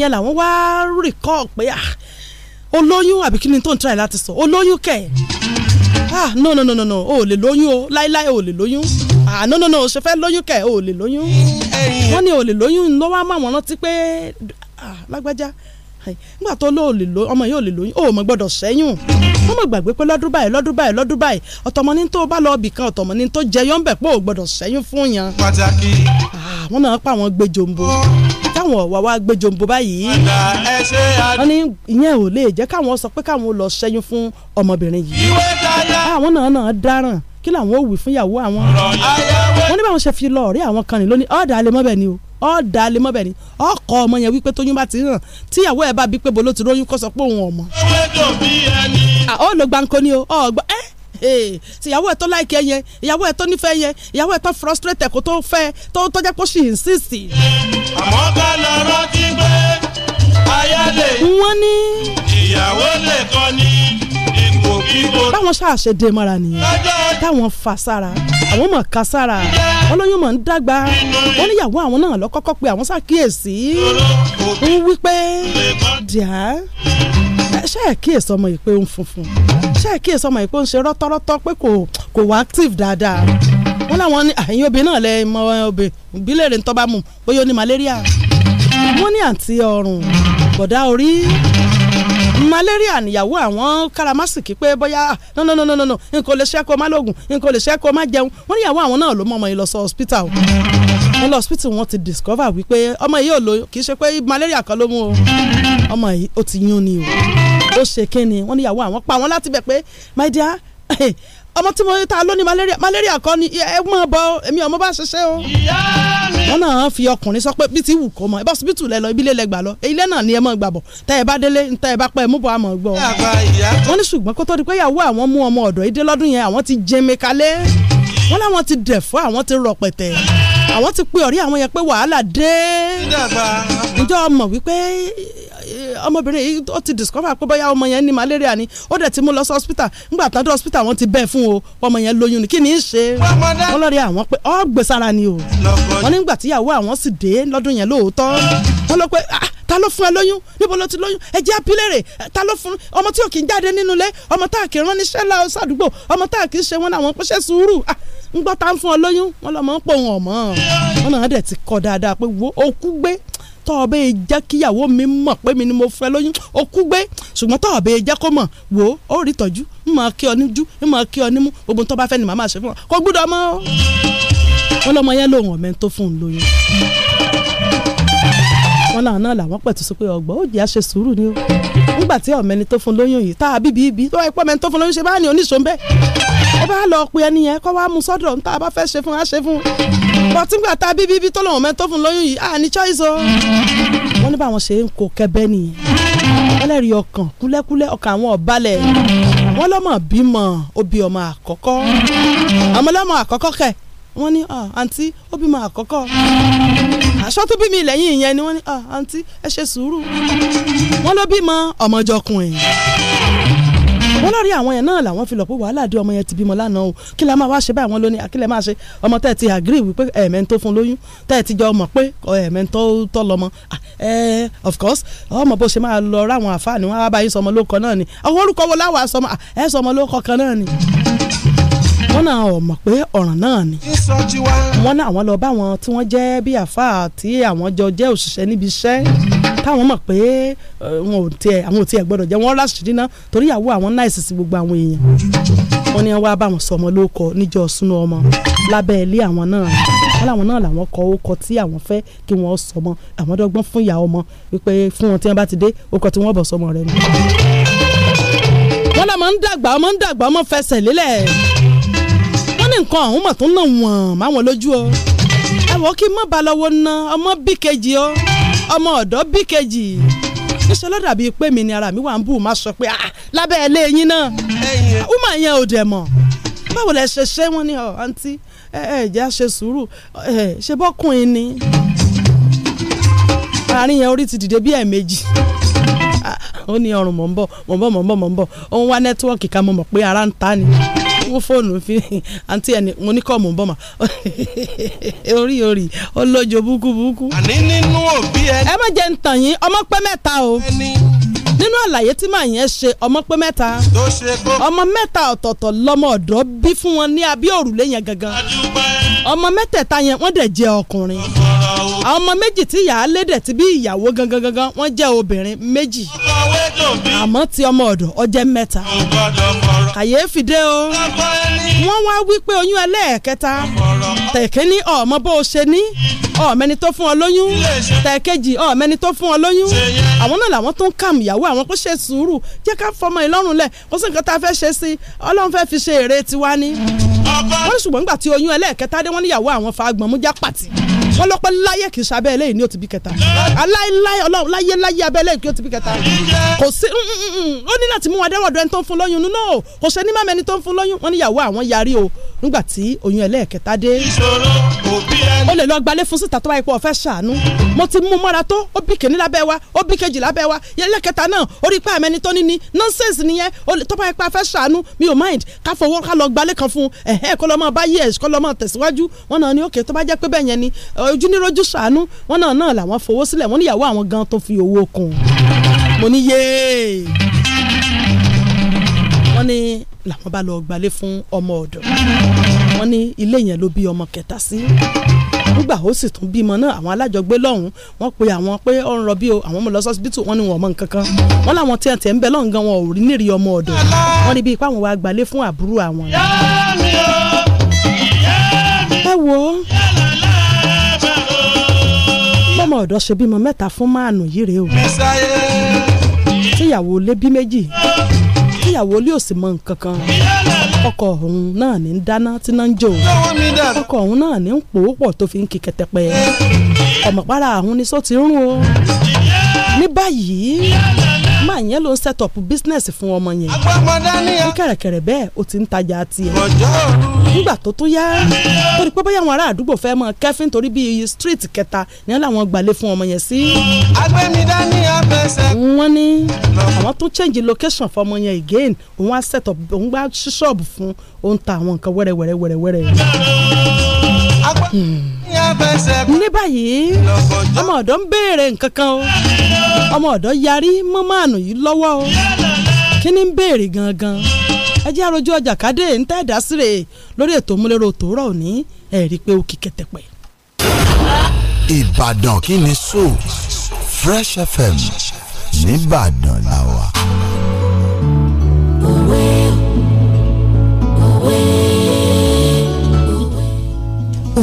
yẹn làwọn wá rìkọ́ pé ah, olóyún àbí kí ni tó ń tíráì láti sọ olóyún kẹ̀ ah, no no no no no o ò lè lóyún o láíláí o ò lè lóyún ah no no no o ṣe fẹ́ lóyún kẹ̀ o ò lè lóyún wọ́n ní o ò lè lóyún ló wá mọ̀ wọ́n rántí pé ah lágbájá nígbà tó ló lè lo ọmọ yóò lè lóyún ó mọ gbọ́dọ̀ ṣẹ́yún wọ́n mọ gbàgbé pé lọ́dún báyìí lọ́dún báyìí lọ́dún báyìí ọ̀tọ̀mọ ní tó bá lọ ibì kan ọ̀tọ̀mọ ní tó jẹyọ ń bẹ pé ò gbọ́dọ̀ ṣẹ́yún fún yàn. pàtàkì. àwọn ah, náà pa àwọn gbẹjọ ń bọ̀ káwọn ọ̀wà wa gbé jòǹbó báyìí wọ́n ní ìyẹn ò lè jẹ́ káwọn sọ pé káwọn lọ ṣẹ́yún fún ọmọbìnrin yìí àwọn náà náà dáràn kí làwọn ò wí fún ìyàwó àwọn wọ́n ní báwọn ṣe fi lọ ọ̀rẹ́ àwọn kan nì lónìí ọ̀dà alẹ́ mọ́bẹ̀ ni o ọ̀dà alẹ́ mọ́bẹ̀ ni ọkọ ọmọ yẹn wípé tóyún bá ti hàn tíyàwó ẹ̀ bá bí pé bolo ti róyún kó sọ pé òun ọmọ. ó lo gbanko ni o ọgbà ẹ́ ìyàwó ẹ̀ tó láìkẹ́ yẹn ìyàwó ẹ̀ tó nífẹ̀ẹ́ yẹn ìyàwó ẹ̀ tó frustrate kó tó fẹ́ tó tọ́jà kó sì insist. àmọ́ ká lọ rántí pé aya lè. wọ́n ní. ìyàwó lè kọ́ ní ipò kíkó. táwọn ṣáà dé mọ́ra nìyẹn táwọn fà sára àwọn mọ̀ ká sára wọn lóyún mọ̀ ń dàgbà wọn níyàwó àwọn náà lọ́kọ́kọ́ pé àwọn ṣàkíyèsí ń wí pé díà ṣe é kíyèsí ọmọ yìí pé ó ń funfun ṣe é kíyèsí ọmọ yìí pé ó ń ṣe rọ́tọ́rọ́tọ́ pé kò kò wá active dáadáa wọ́n láwọn ní àyìn obìnrin náà lẹ mọ obìnrin ìbílẹ̀ rẹ̀ ń tọ́ bá mu bóyá ó ní malaria wọ́n ní àǹtí ọrùn bọ̀dá orí malaria níyàwó àwọn karamasiki pé bóyá ah, no no no no no nǹkan lè ṣe kó má lóògùn nǹkan lè ṣe kó má jẹun wọ́n níyàwó àwọn náà ló mọ ọmọ yìí lọ sọ hospital wọ́n lọ hospital wọ́n ti discover wípé ọmọ yìí ò lóyún kì í ṣe pé malaria kan ló mú o ọmọ yìí ó ti yún ni o ó ṣe kí ni wọ́n níyàwó àwọn pa àwọn láti bẹ̀ pé my dear ọmọ tí mo ta ló malaria malaria kọ́ ni ẹ mọ̀ bọ́ èmi ọmọ bá ṣiṣẹ́ o. wọ́n náà fi ọkùnrin sọ pé bí ti wù kó mọ ẹ bá síbítù lẹ lọ ibi ilé lẹ gbà lọ ilé náà ni ẹ mọ̀ gbà bọ̀ tẹ ẹ bá délé tẹ ẹ bá pẹ́ mú bọ̀ àmọ́ gbọ́. wọ́n ní ṣùgbọ́n kó tó di pé ìyàwó àwọn mú ọmọ ọ̀dọ̀ ìdè yẹn àwọn ti jẹmi kalẹ̀ wọ́n láwọn ti dẹ̀ àwọn ti rọpẹ̀tẹ̀ àwọn ti pe ọ̀rẹ́ àwọn yẹn pé wàhálà dé ǹjẹ́ ọmọ wípé eh, ọmọbìnrin yìí ó ti discover pé bóyá ọmọ yẹn ní malaria ni ó dẹ̀ ti mú lọ sí hospital ńgbà tán dé hospital wọ́n ti bẹ̀ fún o ọmọ yẹn lóyún ni kí ni í ṣe wọ́n lọ́ọ́ rí àwọn pé ọ́ gbèsára ni o wọ́n nígbà tíyàwó àwọn sì dé lọ́dún yẹn lóòótọ́ wọ́n lọ pé ah ta ló fún ẹ lóyún níbo ló ti lóyún ẹ jẹ́ apílẹ̀rẹ̀ ta ló fún ọmọ tí ò kì í jáde nínú ilé ọmọ tá a kì í rán níṣẹ́ la ọ̀sán àdúgbò ọmọ tá à kì í ṣe wọn làwọn pẹ́ṣẹ́ sùúrù ń gbọ́ tá à ń fún ọ lóyún wọn lọ́mọ ń pò wọn ọ̀mọ́ wọn náà dẹ̀ ti kọ́ dáadáa pé wo okú gbé tọ́ọ̀bẹ jẹ́ kíyàwó mi mọ̀ pé mi ni mo fẹ́ lóyún okú gbé ṣùgbọ́n tọ́ọ̀bẹ jẹ́ kó mọ̀ wò ó rí tọ́jú ń máa kí ọ níjú ń máa kí ọ nímú gbogbo tó bá fẹ́ ni màá máa ṣe fún ọ kó gbúdọ̀ mọ́ wọn lọ́mọ yẹn lòun ọ̀mẹ́ tó fún un lóyún wọn làwọn náà làwọn pẹ̀tù sí pé ọgbọ́n ó jẹ́ àṣẹ sùúrù ni ó nígbà tí ọ̀mẹ́ni tó fún lóyún yìí tá a bíbí ibi tó ẹ̀pọ̀ mẹ́ni tó fún lóyún ṣe bá ní oníṣòwò bẹ́ẹ̀ ẹ bá lọ pe ẹni yẹn kọ́ wá mu sọ́dọ̀ ń tá a bá fẹ́ ṣe fún wa ṣe fún bọ́ tígbà tá a bíbí ibi tó lọ́wọ́ mẹ́ni tó fún lóyún yìí à ní choice o wọ́n ní báwọn ṣe ń kó kẹ́bẹ́ nìyẹn ẹlẹ́rìí ọkàn kúlẹ́kúlẹ́ ọkàn àwọn ọ̀balẹ̀ wọ́n lọ́mọ bímọ obì ọmọ àkọ́kọ́ àmọ́ lọ́mọ àkọ́kọ́ kẹ̀ wọ́n ní ah, àǹtí ó bímọ àkọ́kọ́ aṣọ tó bímọ lẹ́yìn ìyẹn ni wọ́n ní ah, àǹtí ẹ ṣe sùúrù wọ́n ló bímọ ọmọjọkùnrin wọ́n lọ́ọ́ rí àwọn yẹn náà làwọn fi lọ̀ pé wàhálà dé ọmọ yẹn ti bímọ lánàá o kí la máa wá ṣe báyìí wọ́n ló àkílẹ̀ máa ṣe ọmọ tẹ́ ti agree wípé ẹ̀ẹ̀mẹ́ tó fún lóyún tẹ́ ẹ ti jọ mọ̀ pé ẹ̀ẹ̀mẹ́ tó tọ́ lọ́mọ ẹ̀ẹ́ of course ọmọ bó ṣe máa lọ ráwọn àfáàní wọn á bá yín sọmọ lóko náà ni àwọn orúkọ wo láwàá sọmọ ẹ̀ sọmọ lóko kan náà ni wọ́n náà ò mọ̀ pé ọ̀ràn náà ni wọ́n náà àwọn lọ bá wọn tí wọ́n jẹ́ bí àfáà tí àwọn jọ jẹ́ òṣìṣẹ́ níbi iṣẹ́ táwọn mọ̀ pé wọn ò tiẹ̀ àwọn ò tiẹ̀ gbọ́dọ̀ jẹ́ wọ́n láṣìírí náà torí àwọ̀ àwọn náà ìsìsì gbogbo àwọn èèyàn wọ́n ní wọ́n bá wọn sọ ọmọ lóko níjọ́ súnú ọmọ lábẹ́ ilé àwọn náà wọ́n làwọn náà làwọn kọ ókọ tí àwọn fẹ́ kí wọ́n sọmọ àwọn dọ́gbọ́n fún ìyá ọmọ wípé fún wọn tí wọ́n bá ti dé ókọ tí wọ́n bọ̀ sọmọ rẹ nù. wọ́n lọ́mọ ń dàgbà ọmọ ń dàgbà ọmọ fẹsẹ̀ lélẹ̀ nǹkan ọ̀hún mọ̀ tó ń nà wọ̀n máwọn lójú o ẹ̀wọ̀n kí mọ̀ bá lọ́wọ́ ná ọmọ bí kejì o ọmọ ọ̀dọ́ bí kejì níṣẹ́ ló dàbí pé mi ni ara mi wà ń bù má sọ pé ah lábẹ́ ilé yín náà ọmọ yẹn ò dẹ̀ mọ̀ báwo lẹ ṣe ṣe wọ́n ní ọ àǹtí ẹ ẹ jẹ́ ṣe sùúrù ẹ ṣe bọ́kùnrin ni àárín yẹn orí ti dìde bí ẹ̀ẹ̀mejì ah, ó ní ọrùn mọ̀ ń bọ̀ mọ̀ ń bọ̀ mọ̀ ń bọ̀ mọ̀ wá nẹ́tíwọ́ọ̀kì ká mọ̀ mọ̀ pé ara ń ta ni wó fóònù fi àǹtí ẹni mo ní kọ́ọ̀mù bọ́mà orí orí ó lójo búkúbúkú. àní nínú òbí ẹ. ẹ má jẹ́ ń tàn yín ọmọ pẹ́ mẹ́ta o nínú àlàyé tí màá yẹn ṣe ọmọ pé mẹ́ta ọmọ mẹ́ta ọ̀tọ̀ọ̀tọ̀ lọmọ ọ̀dọ́ bí fún wọn ní abí yẹn gangan ọmọ mẹ́tẹ̀ẹ̀ta yẹn wọ́n dẹ̀ jẹ́ ọkùnrin ọmọ méjì tí ìyá lédè ti bí ìyàwó gangan gangan wọ́n jẹ́ obìnrin méjì àmọ́ ti ọmọ ọ̀dọ̀ ó jẹ́ mẹ́ta kàyéfì dé o wọ́n wá wí pé oyún ẹlẹ́ẹ̀kẹta tẹ̀kíní ọmọ bó o ṣe ní ọ̀mẹ́ni tó fún ọ lóyún tẹ̀kejì ọ̀mẹ́ni tó fún ọ lóyún àwọn náà làwọn tó ń kàm ìyàwó àwọn kó ṣe sùúrù jẹ́ ká fọmọ ìlọ́rùn lẹ̀ kó sì nǹkan tá a fẹ́ ṣe sí ọlọ́run fẹ́ fi ṣe èrè tiwa ni wọ́n ṣùgbọ́n nígbà tí oyún ẹlẹ́ẹ̀kẹta dé wọ́n níyàwó àwọn fa agbọ̀n mú já pàtì wọ́n ló pẹ́ láyé kì í ṣe abẹ́ eléyìí ni ó ti bí kẹta aláìláyé ọlọ́run láyé láyé abẹ́ eléyìí kì í ó ti bí kẹta kò sí mm, mm, mm, ó ní láti mú adẹ́rọ̀dọ̀ ẹni tó ń fún lóyún nínú o kò ṣe ní mọ́mẹ́ni tó ń fún lóyún wọ́n níyàwó àwọn yarí o nígbà tí oyún ẹlẹ́ẹ̀kẹta dé. ìṣòro òbí o lè lọ gbalẹ̀ fún síta tó bá ipò ọ̀fẹ́ ṣàánú mo ti mú mọ́ra tó ó bí kìíní lábẹ́ wa ó bí kejì lábẹ́ wa yẹlẹ́kẹta náà orí pé àmẹ́ni tó ní ni nonsense nìyẹn tó bá ipò ọ̀fẹ́ ṣàánú mi ò mind ká fowó ká lọ gbalẹ̀ kan fún ẹ̀hẹ́ kó lọ́mọ bá yẹ kó lọ́mọ tẹ̀síwájú wọn náà ní òkè tó bá jẹ́ pé bẹ́ẹ̀ yẹn ni ojú ní rojú ṣàánú wọn náà náà làwọn fowó sílẹ̀ wọn níyàwó àwọn gan tó fi owó kún mo ní yéé wọn ní làwọn bá lọ gbalẹ̀ fún ọmọ ọ̀dọ̀ wọ́n ní ilé yẹn ló bí ọmọ kẹta sí nígbà ó sì tún bímọ náà àwọn alájọgbé lọ́hùn wọ́n pe àwọn pé ó ń rọ o àwọn ọmọ lọ sọ́sibítù wọ́n wọn ọmọ nǹkan kan wọ́n tí wọ́n ń bẹ lọ́hùn gan wọn ò rí nírì ọmọ ọ̀dọ̀ wọ́n ní bí ipá wọn wá gbalé fún àbúrò àwọn. ẹ wo bọ́mọ ọ̀dọ́ ṣe bímọ mẹ́ta fún máàlù yìí rèé o tíyàwó lé bí méjì tíyàwó ilé ò sì mọ nǹkan kan ọkọ ọ̀hún náà ní ń dáná tí náà ń jò ọkọ ọ̀hún náà ní ń pòwópọ̀ tó fi ń kí kẹtẹpẹ ọmọpára ọ̀hún ni sọ ti ń rún o ní báyìí yẹn ló ń set up business fún ọmọ yẹn ní kẹ̀rẹ̀kẹ̀rẹ̀ bẹ́ẹ̀ ó ti ń tajà tiẹ̀ nígbà tó tún yá tó pé bóyá àwọn ará àdúgbò fẹ́ mọ kẹ́fín torí bíi street kẹta ni wọ́n làwọn gbalẹ̀ fún ọmọ yẹn sí. wọ́n ní àwọn tún change location fọmọ yẹn again òun á set up òun gbá ṣíṣọ́ọ̀bù fún òun ta àwọn nǹkan wẹ́rẹ́wẹ́rẹ́ hmm ní báyìí ọmọ ọ̀dọ́ ń béèrè nǹkan kan o ọmọ ọ̀dọ́ yarí mọ́ máàlù yìí lọ́wọ́ o kí ni ń béèrè gangan ẹ jẹ́ àròjọ ọjà kádé ń tẹ́ ẹ̀dá lórí ètò múlẹ́rọ̀ tòórọ̀ òní ẹ̀ rí i pé ó kì kẹ̀tẹ̀pẹ̀. Ìbàdàn kí ni so Fresh FM nìbàdàn làwà.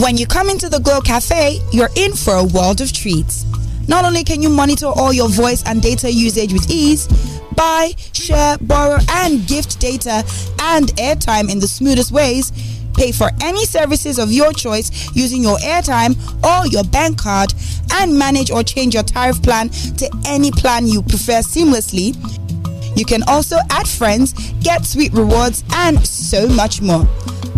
When you come into the Glow Cafe, you're in for a world of treats. Not only can you monitor all your voice and data usage with ease, buy, share, borrow, and gift data and airtime in the smoothest ways. Pay for any services of your choice using your airtime or your bank card and manage or change your tariff plan to any plan you prefer seamlessly you can also add friends, get sweet rewards, and so much more.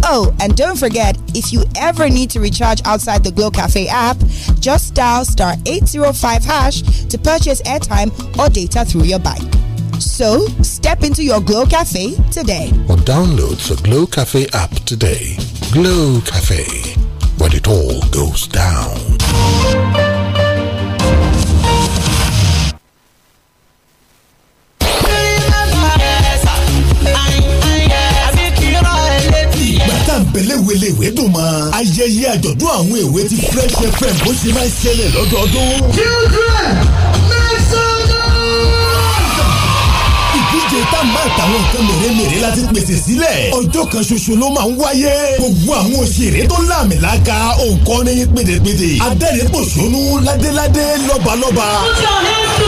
Oh, and don't forget, if you ever need to recharge outside the Glow Cafe app, just dial star 805 hash to purchase airtime or data through your bike. So, step into your Glow Cafe today. Or download the Glow Cafe app today. Glow Cafe, where it all goes down. àgbéléwé léwé dùn mọ́. ayẹyẹ àjọ̀dún àwọn èwe ti Fresh FM bó ṣe máa ń ṣẹlẹ̀ lọ́dọọdún. children make some ìdíje tá a máa tàwọn nǹkan mèremère láti pèsè sílẹ̀. ọjọ́ kan ṣoṣo ló máa ń wáyé. gbogbo àwọn òṣèré tó láàmìlàaka òǹkọ́ni pédèpédè. adẹ́rẹ́pọ̀ṣónú ládéládé lọ́balọ́ba. ó ti ọ̀rẹ́ sùn.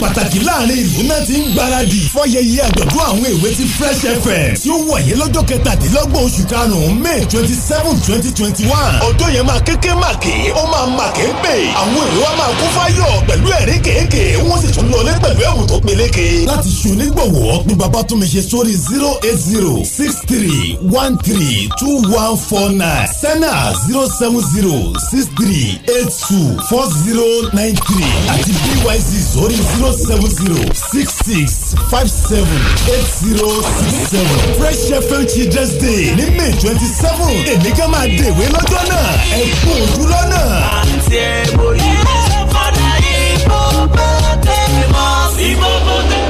pàtàkì láàrin ìlú náà ti ń gbáradì fọyẹyẹ àjọ̀dún àwọn èwe ti fresh fm tí ó wọ̀nyẹ́ lọ́jọ́ kẹtàdínlọ́gbọ̀n oṣù karùn-ún may twenty seven twenty twenty one ọjọ́ yẹn máa kéké màkì ó máa màkì ń pè àwọn èrè wa máa kún fáyọ̀ pẹ̀lú ẹ̀rí kéèké wọ́n sì tún lọlé pẹ̀lú ẹ̀wù tó peléke. láti ṣonígbọ̀wọ́ ni bàbá tún mi ṣe sórí zero eight zero six three one three two one four nine sena zero seven zero six three eight two four zero nine three àti byz sórí zero zero seven zero six six five seven eight zero six seven fresh fm children's day ní may twenty seven èmi kan máa dèwé lọ́jọ́ náà ẹ kú ojú lọ́nà. àǹtí ẹ̀ mo yí mi sọ fọ́nà ìbò bọ́tẹ́ mọ́ sí mọ́ bọ́tẹ́.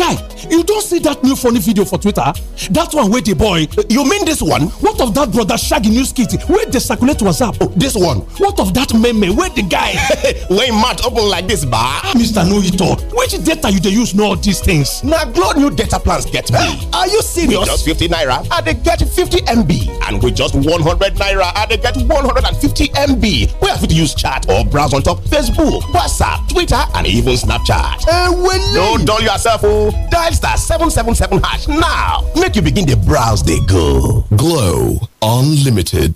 guy You don't see that new funny video for Twitter? That one with the boy. You mean this one? What of that brother Shaggy News Kitty? Where they circulate WhatsApp. Oh, this one. What of that meme? Where the guy. when mouth open like this, bar? Mr. Know It All. Which data you dey use know all these things? Now, Glow new data plans get me. Are you serious? With just 50 naira, I they get 50 MB. And with just 100 naira, I they get 150 MB. Where have fit use chat or browse on top Facebook, WhatsApp, Twitter, and even Snapchat. Uh, well, Don't dull yourself, oh. Dial star 777 hash now make you begin the browse they go. Glow Unlimited.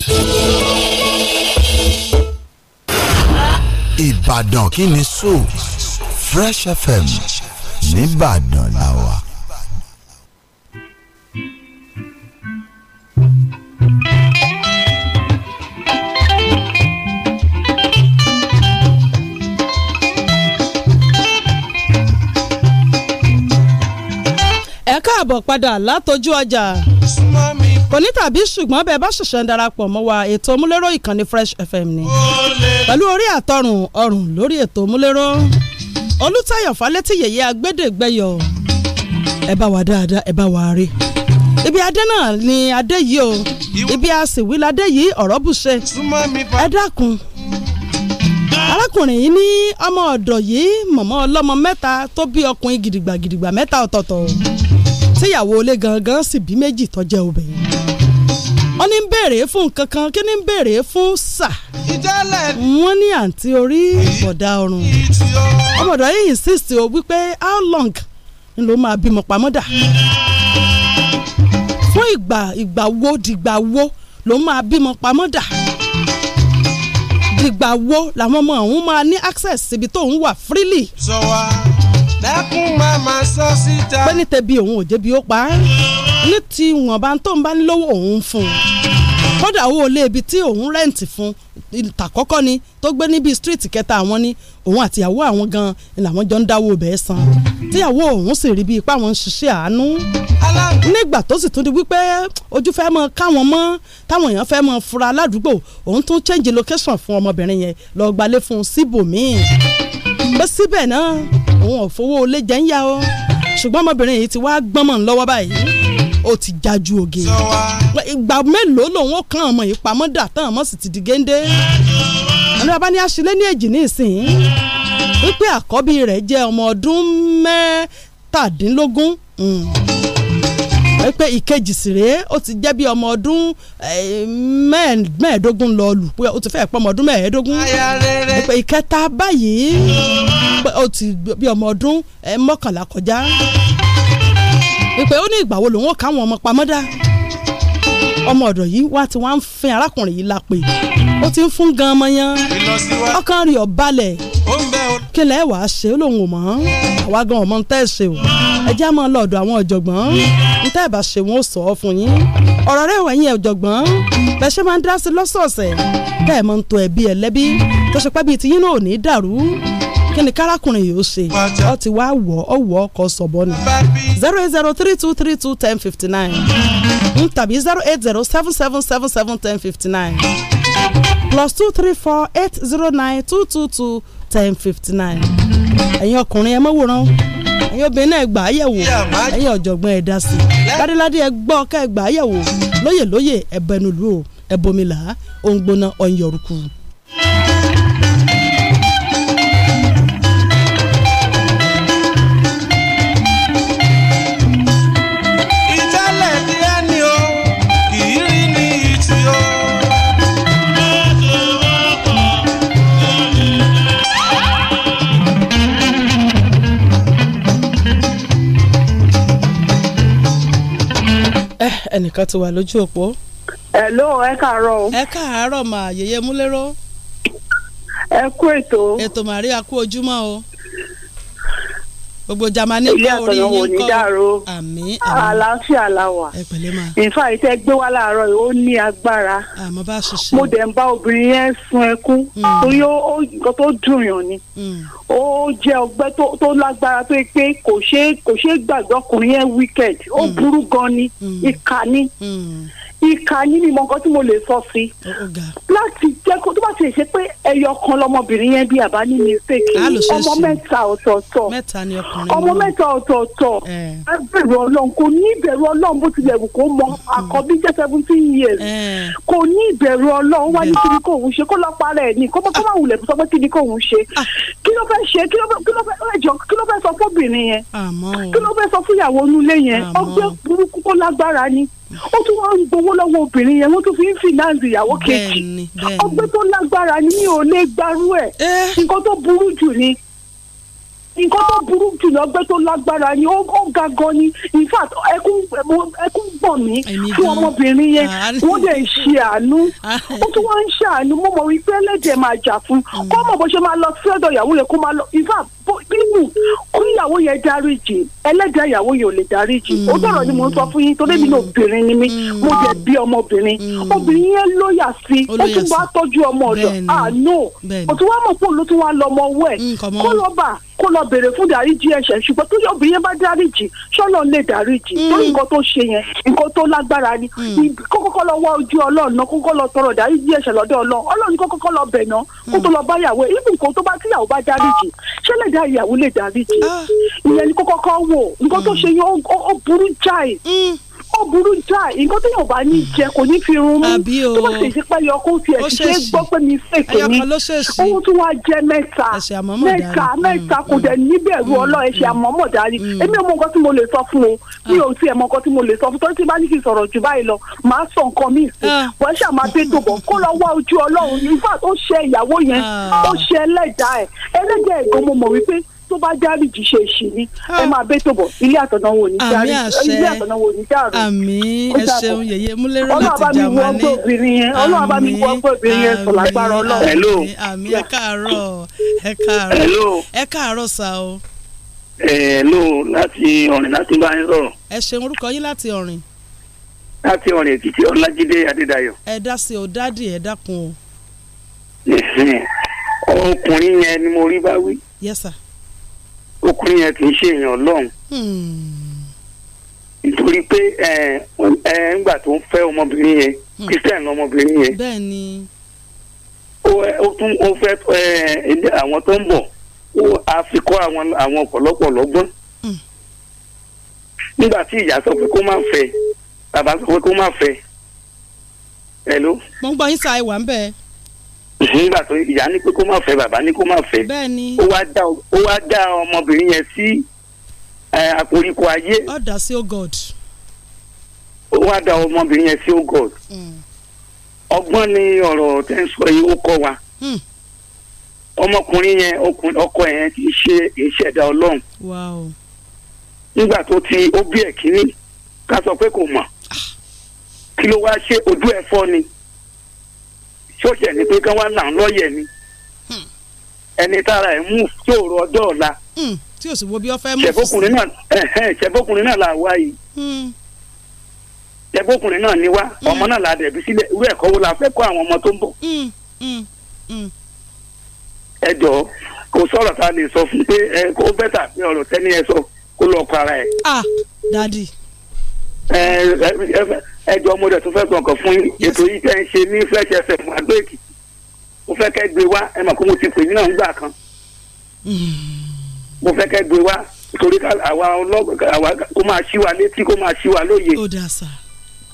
Ìbàdàn kí so Fresh FM nìbàdàn làwà. padà látọjú ọjà kò ní tàbí ṣùgbọ́n bẹ́ẹ̀ bá ṣẹ̀ṣẹ̀ ń darapọ̀ mọ́ wa ètò múlẹ́rọ̀ ìkànnì Fresh FM ni pẹ̀lú orí àtọrùn ọrùn lórí ètò múlẹ́rọ̀ Olùtayọ̀ Fálétí yèyé agbẹ́dẹ́gbẹ́yọ ẹ bá wa dáadáa ẹ bá wa rí ibi adé náà ni adé yìí o ibi àsìwí ladé yìí ọ̀rọ̀ bùṣe ẹ dákun arákùnrin yìí ní ọmọ ọ̀dọ̀ yìí mọ̀mọ́ ọlọ́mọ mẹ́ta tó bí ọkùnrin gidigba gidigba mẹ́ta ọ̀tọ̀ọ̀tọ̀ tíyàwó ilé gangan sì bí méjì tó obìnrin wọ́n ní ń fún nǹkan kí ni ń fún sà wọ́n ní àǹtí orí bọ̀dá ọrùn ọmọdé yìí insist o wípé how long ni ló máa bímọ pamọ́ dà fún ìgbà ìgbà wo dìgbà wo ló máa bímọ pamọ́ dà dìgbà wo làwọn ọmọ ọ̀hún máa ní access síbi tó ń wà freely. sọ so, wa. Uh lẹ́kùn màmá sọ síta. pé ní tẹ̀bi òun ò jẹ̀bi ó pa á ní ti wọ̀nba tó ń bá ní lówó òun fún un kódà owó ilé ibi tí òun rẹ́ǹtì fún tàkọ́kọ́ ni tó gbé níbi street kẹta àwọn ni òun àtìyàwó àwọn gan làwọn jọ ń dáwọ́ bẹ́ẹ̀ san tíyàwó òun sì rí bí ipá wọn ṣiṣẹ́ àánú nígbà tó sì tún di wípé ojú fẹ́ mọ káwọn mọ́ táwọn èèyàn fẹ́ mọ fura ládùúgbò òun tún change location fún ọmọbìnrin yẹn lọ́ọ́ gbalé fún síbòmíì pé síbẹ̀ náà òun ò fowó olè jẹ́ ń yá o ṣùgbọ́n ọmọbìnrin yìí ti wá gbọ́mọ̀ lọ́wọ́ báyìí ó ti jájú oge ìgbà mélòó lòun ó kàn ọmọ yìí pamọ́ dà tán ọmọ sì ti di géńdé ọ̀nà bá ní aṣílẹ̀ ní èjì ní wípé àkọ́bí rẹ̀ jẹ́ ọmọ ọdún mẹ́tàdínlógún. Hmm pé ìkejì sì rèé ó ti jẹ́ bí ọmọ ọdún mẹ́ẹ̀ẹ́dógún lọ lù pé ó ti fẹ́ẹ̀ pọ́ ọmọ ọdún mẹ́ẹ̀ẹ́dógún pé ìkẹta báyìí pé ó ti bí ọmọ ọdún mọ́kànlá kọjá pé ó ní ìgbà wo lòun ò káwọn ọmọ pamọ́ dá ọmọ ọ̀dọ̀ yìí wá ti wá ń fẹ́ arákùnrin yìí lápè ó ti ń fún gan ọmọ yẹn ọkàn rí ọ̀balẹ̀ kí lẹ́ẹ̀ wàá ṣe ó lòun ò mọ̀ àwa gan ọmọ ń tẹ́ ṣe o ẹ jẹ́ á máa àwọn ọ̀jọ̀gbọ́n tẹ́ ẹ̀ bá ṣe wọn sọ ọ́ fún yín ọ̀rọ̀ rẹ̀ wẹ̀yìn ẹ̀ jọ̀gbọ́n ṣe máa ń dá sí lọ́sọ̀ọ̀sẹ̀ tẹ́ ẹ̀ máa ń tọ́ ẹbí ẹlẹ́bí tó ṣe pẹ́ bíi tiyín náà ò ní dàrú kí ni kárakùnrin yìí ó ṣe ọ ti wá wọ ọ wọ ọkọ sọ̀bọ ni zero eight zero three two three two ten fifty nine hmm, tàbí zero eight zero seven seven seven seven ten fifty nine plus two three four eight zero nine two two two ten fifty nine ẹ̀yin ọkùnrin ẹ mọ̀ ẹ̀yin obìnrin náà gbà á yẹ̀wò ẹ̀yin ọ̀jọ̀gbọ́n ẹ̀ dá sí i ládéládé ẹ gbọ́ ká ẹ gbà á yẹ̀wò lóyè lóyè ẹ̀bẹ̀nulú o ẹ̀bọ̀mìlà òǹgbóná ọ̀yọ̀rùkù. ẹnìkan ti wà lójú òpó. hello ẹ káàárọ̀ o. ẹ káàárọ̀ mà yèyé múlẹ́rọ́. ẹ kú ètò. ètò màrí a kú ojúmọ́ o gbogbo jamani kọ́ orí yín kọ́ àmín ah, àmín àlàáfíà la wà ìfà ìtẹ́ gbé wá láàárọ̀ ó ní agbára ah, mo dẹ̀ ń bá obìnrin yẹn sun ẹkún hmm. torí ó nǹkan tó dùn yàn ni hmm. ó jẹ́ ọgbẹ́ tó lágbára tó pé kò ṣeé gbàgbọ́ ọkùnrin yẹn wíkẹ̀d ó hmm. burú gan ni ìkà ni. Mm ìka yín ni mo nǹkan tí mo lè sọ sí láti jẹ́ kó tó bá ti ṣe pé ẹyọ kan lọmọbìnrin yẹn bí àbá ní mistake ọmọ mẹ́ta ọ̀tọ̀ọ̀tọ̀ ọmọ mẹ́ta ọ̀tọ̀ọ̀tọ̀ ẹgbẹ̀rún ọlọ́run kò ní ìbẹ̀rù ọlọ́run bó tilẹ̀ wù kó mọ àkọ́bí jẹ́ seventeen years kò ní ìbẹ̀rù ọlọ́run wá ní kíni kò ń ṣe kó lọ para ẹ̀ ní kó má wulẹ̀ sọ pé kíni kò ń ṣe ah. kí ló fẹ́ ṣe kí ló fẹ́ sọ fóbìnrin yẹn kí ló fẹ́ sọ fúnyàwó onúlé yẹn ọgbẹ́ burúkú kó lágbára ni ó tún wá ń gbowó gbowó lọ́wọ́ obìnrin yẹn wọ́n tún fi ń fìnáǹsì ìyàwó kejì ọgbẹ́ tó lágbára ni mi ò lè gbarú ẹ̀ eh. nǹkan tó burú jù ni nǹkan tó burú jù lọ́gbẹ́ tó lágbára ni ó ga gan ni in fact ẹkún gbọ̀n mí fún ọmọbìnrin yẹn wọ́n dẹ̀ ń ṣe àánú ó tún wá ń ṣe àánú mo mọ̀ wípé ẹlẹ́dẹ̀ẹ́ máa jà fún mm. kó mọ̀ bó ṣe máa lọ sí ọ̀dọ̀ ìyàwó yẹn kó máa lọ in fact bíbù kó ìyàwó yẹn dáríjì ẹlẹ́dàá ìyàwó yẹn ò lè dáríjì ó dọ̀rọ̀ ni mo ń sọ fún yín torí mi ní obìnrin ni mí mo mm. jẹ́ bí ọmọbìnrin mm. obìnrin yẹn lóyà sí ó tún bá tọ́jú ọmọ ọ̀dọ̀ àánú kò tún wá mọ̀ pé òun ló tún wá lọ ọmọ ọwọ́ ẹ̀ mm, kó lọ bà kó lọ béèrè fún dáríjì ẹ̀ṣẹ̀ ṣùgbọ́n tó yọ obìnrin bá dáríjì ṣọ́nà lè dáríjì torí nǹkan tó ṣe yẹn nǹkan tó lágbára ni kókókó lọ wá ojú ọlọ́run náà kókó lọ tọrọ dáríjì ẹ̀ṣẹ̀ lọ́dọ̀ ọlọ́run ọlọ́run kókókó lọ bẹ̀ náà kó tó lọ bá yàwó ẹ̀ ibùkún tó bá ẹlẹ́dàá ìyàwó lè dáríjì ah. ìyẹn ni kókó kọ́ wò nǹkan tó mm. ṣe yẹn ó burú jáì. Mm ó burú já nǹkan tó bá ní jẹ kò ní fi run mú tó bá ṣe ìṣe pẹ́yọ kó fi ẹ̀sìn ṣe gbọ́ pé mi fèkè ni owó tí wọ́n á jẹ mẹ́ta mẹ́ta mm, mẹ́ta kò mm. dẹ̀ níbẹ̀rù mm, ọlọ́ọ̀ ẹ̀ṣẹ̀ àmọ́mọ̀ darí èmi ò mọ nǹkan tí mo lè sọ fún o mi ah. ò tiẹ̀ mọ nǹkan tí mo lè sọ fún tó ti bá ní kí n sọ̀rọ̀ jù báyìí lọ màá sọ nǹkan mi ìsìn wọ́n ṣáà máa dé dòbọ̀ kó lọ wá ojú ọlọ́run tó bá járe jì ṣe ṣì ni ẹ ah. máa bẹ́ tó bọ̀ ilé àtọ̀nàwò ní járe ilé àtọ̀nàwò ní járe. àmín ẹ ṣeun yèyé múlẹ́rọ̀ láti jà wá ní ọlọ́run bá mi wọ́n gbòbìnrin yẹn sọ lágbára ọlọ́run. àmín ẹ káàárọ̀ ẹ káàárọ̀ ẹ káàárọ̀ sá o. ẹ eh, ló láti ọ̀rìn láti bá yín sọ̀rọ̀. ẹ ṣeun orúkọ yín láti ọ̀rìn. láti ọ̀rìn èkìtì ọlájídé adédayọ̀. ẹ dá sí o dádì ẹ dákun o. ọkùnrin yẹn ni mo rí bá wí. yes sir ọkùnrin yẹn kì í ṣe èèyàn ọlọ́run hmm. nítorí pé ńgbà tó ń fẹ́ ọmọbìnrin yẹn hmm. christian ọmọbìnrin yẹn ó tún ó fẹ́ àwọn tó ń bọ̀ á fi kọ́ àwọn àwọn ọ̀pọ̀lọpọ̀ lọ́gbọ́n hmm. nígbà tí ìyá sọ pé kó má fẹ́ bàbá sọ pé kó má fẹ́ hello. mo ń gbọ́ yín sa ìwà ń bẹ́ẹ̀ nígbà tó ìyá ní pé kó má fẹ́ bàbá ní kó má fẹ́ ó wá dá ọmọbìnrin yẹn sí àkóríkó ayé. ó dà sí o oh god. ó wá dá ọmọbìnrin yẹn sí o oh god. Hmm. ọgbọ́n ni ọ̀rọ̀ tẹ́ ń sọ yìí ó kọ́ wa. Hmm. ọmọkùnrin yẹn ọkọ yẹn ti ṣe ìṣẹ̀dá ọlọ́run. nígbà tó ti ó bí ẹ̀ kínní ká sọ pé kò mọ̀ ah. kí ló wá ṣe ojú ẹ̀ fọ́ ni. Wow ṣóṣe ni pé kán wá là ń lọ́yẹ̀ ni hmm. ẹni tára ẹ̀ mú ṣòro ọjọ́ ọ̀la. Hmm. tí o sì wo bí ọ fẹ́ mú fún un. ṣẹ̀fọ́kùnrin náà là wá yìí hmm. ṣẹ̀fọ́kùnrin náà ni wá ọmọ náà là dẹ̀bi sílẹ̀ irú ẹ̀kọ́ wo la fẹ́ kọ́ àwọn ọmọ tó ń bọ̀. ẹ jọ kò sọ̀rọ̀ tá a lè sọ fún pé kó bẹ́tà pé ọ̀rọ̀ tẹ́ni ẹ sọ kó lọ́ọ́ para ẹ̀. ah dadi ẹjọ́ mo dẹ̀ tún fẹ́ gbọ̀ǹkan fún ètò yìí tẹ́ ń ṣe ní Fresh FM àgbẹ̀ èkìtì mo fẹ́ kẹ́ gbé wá ẹ mọ̀ kó mo ti pè yín náà nígbà kan mo fẹ́ kẹ́ gbé wá torí àwa kó máa ṣí wa létí kó máa ṣí wa lóye. ó dà sáà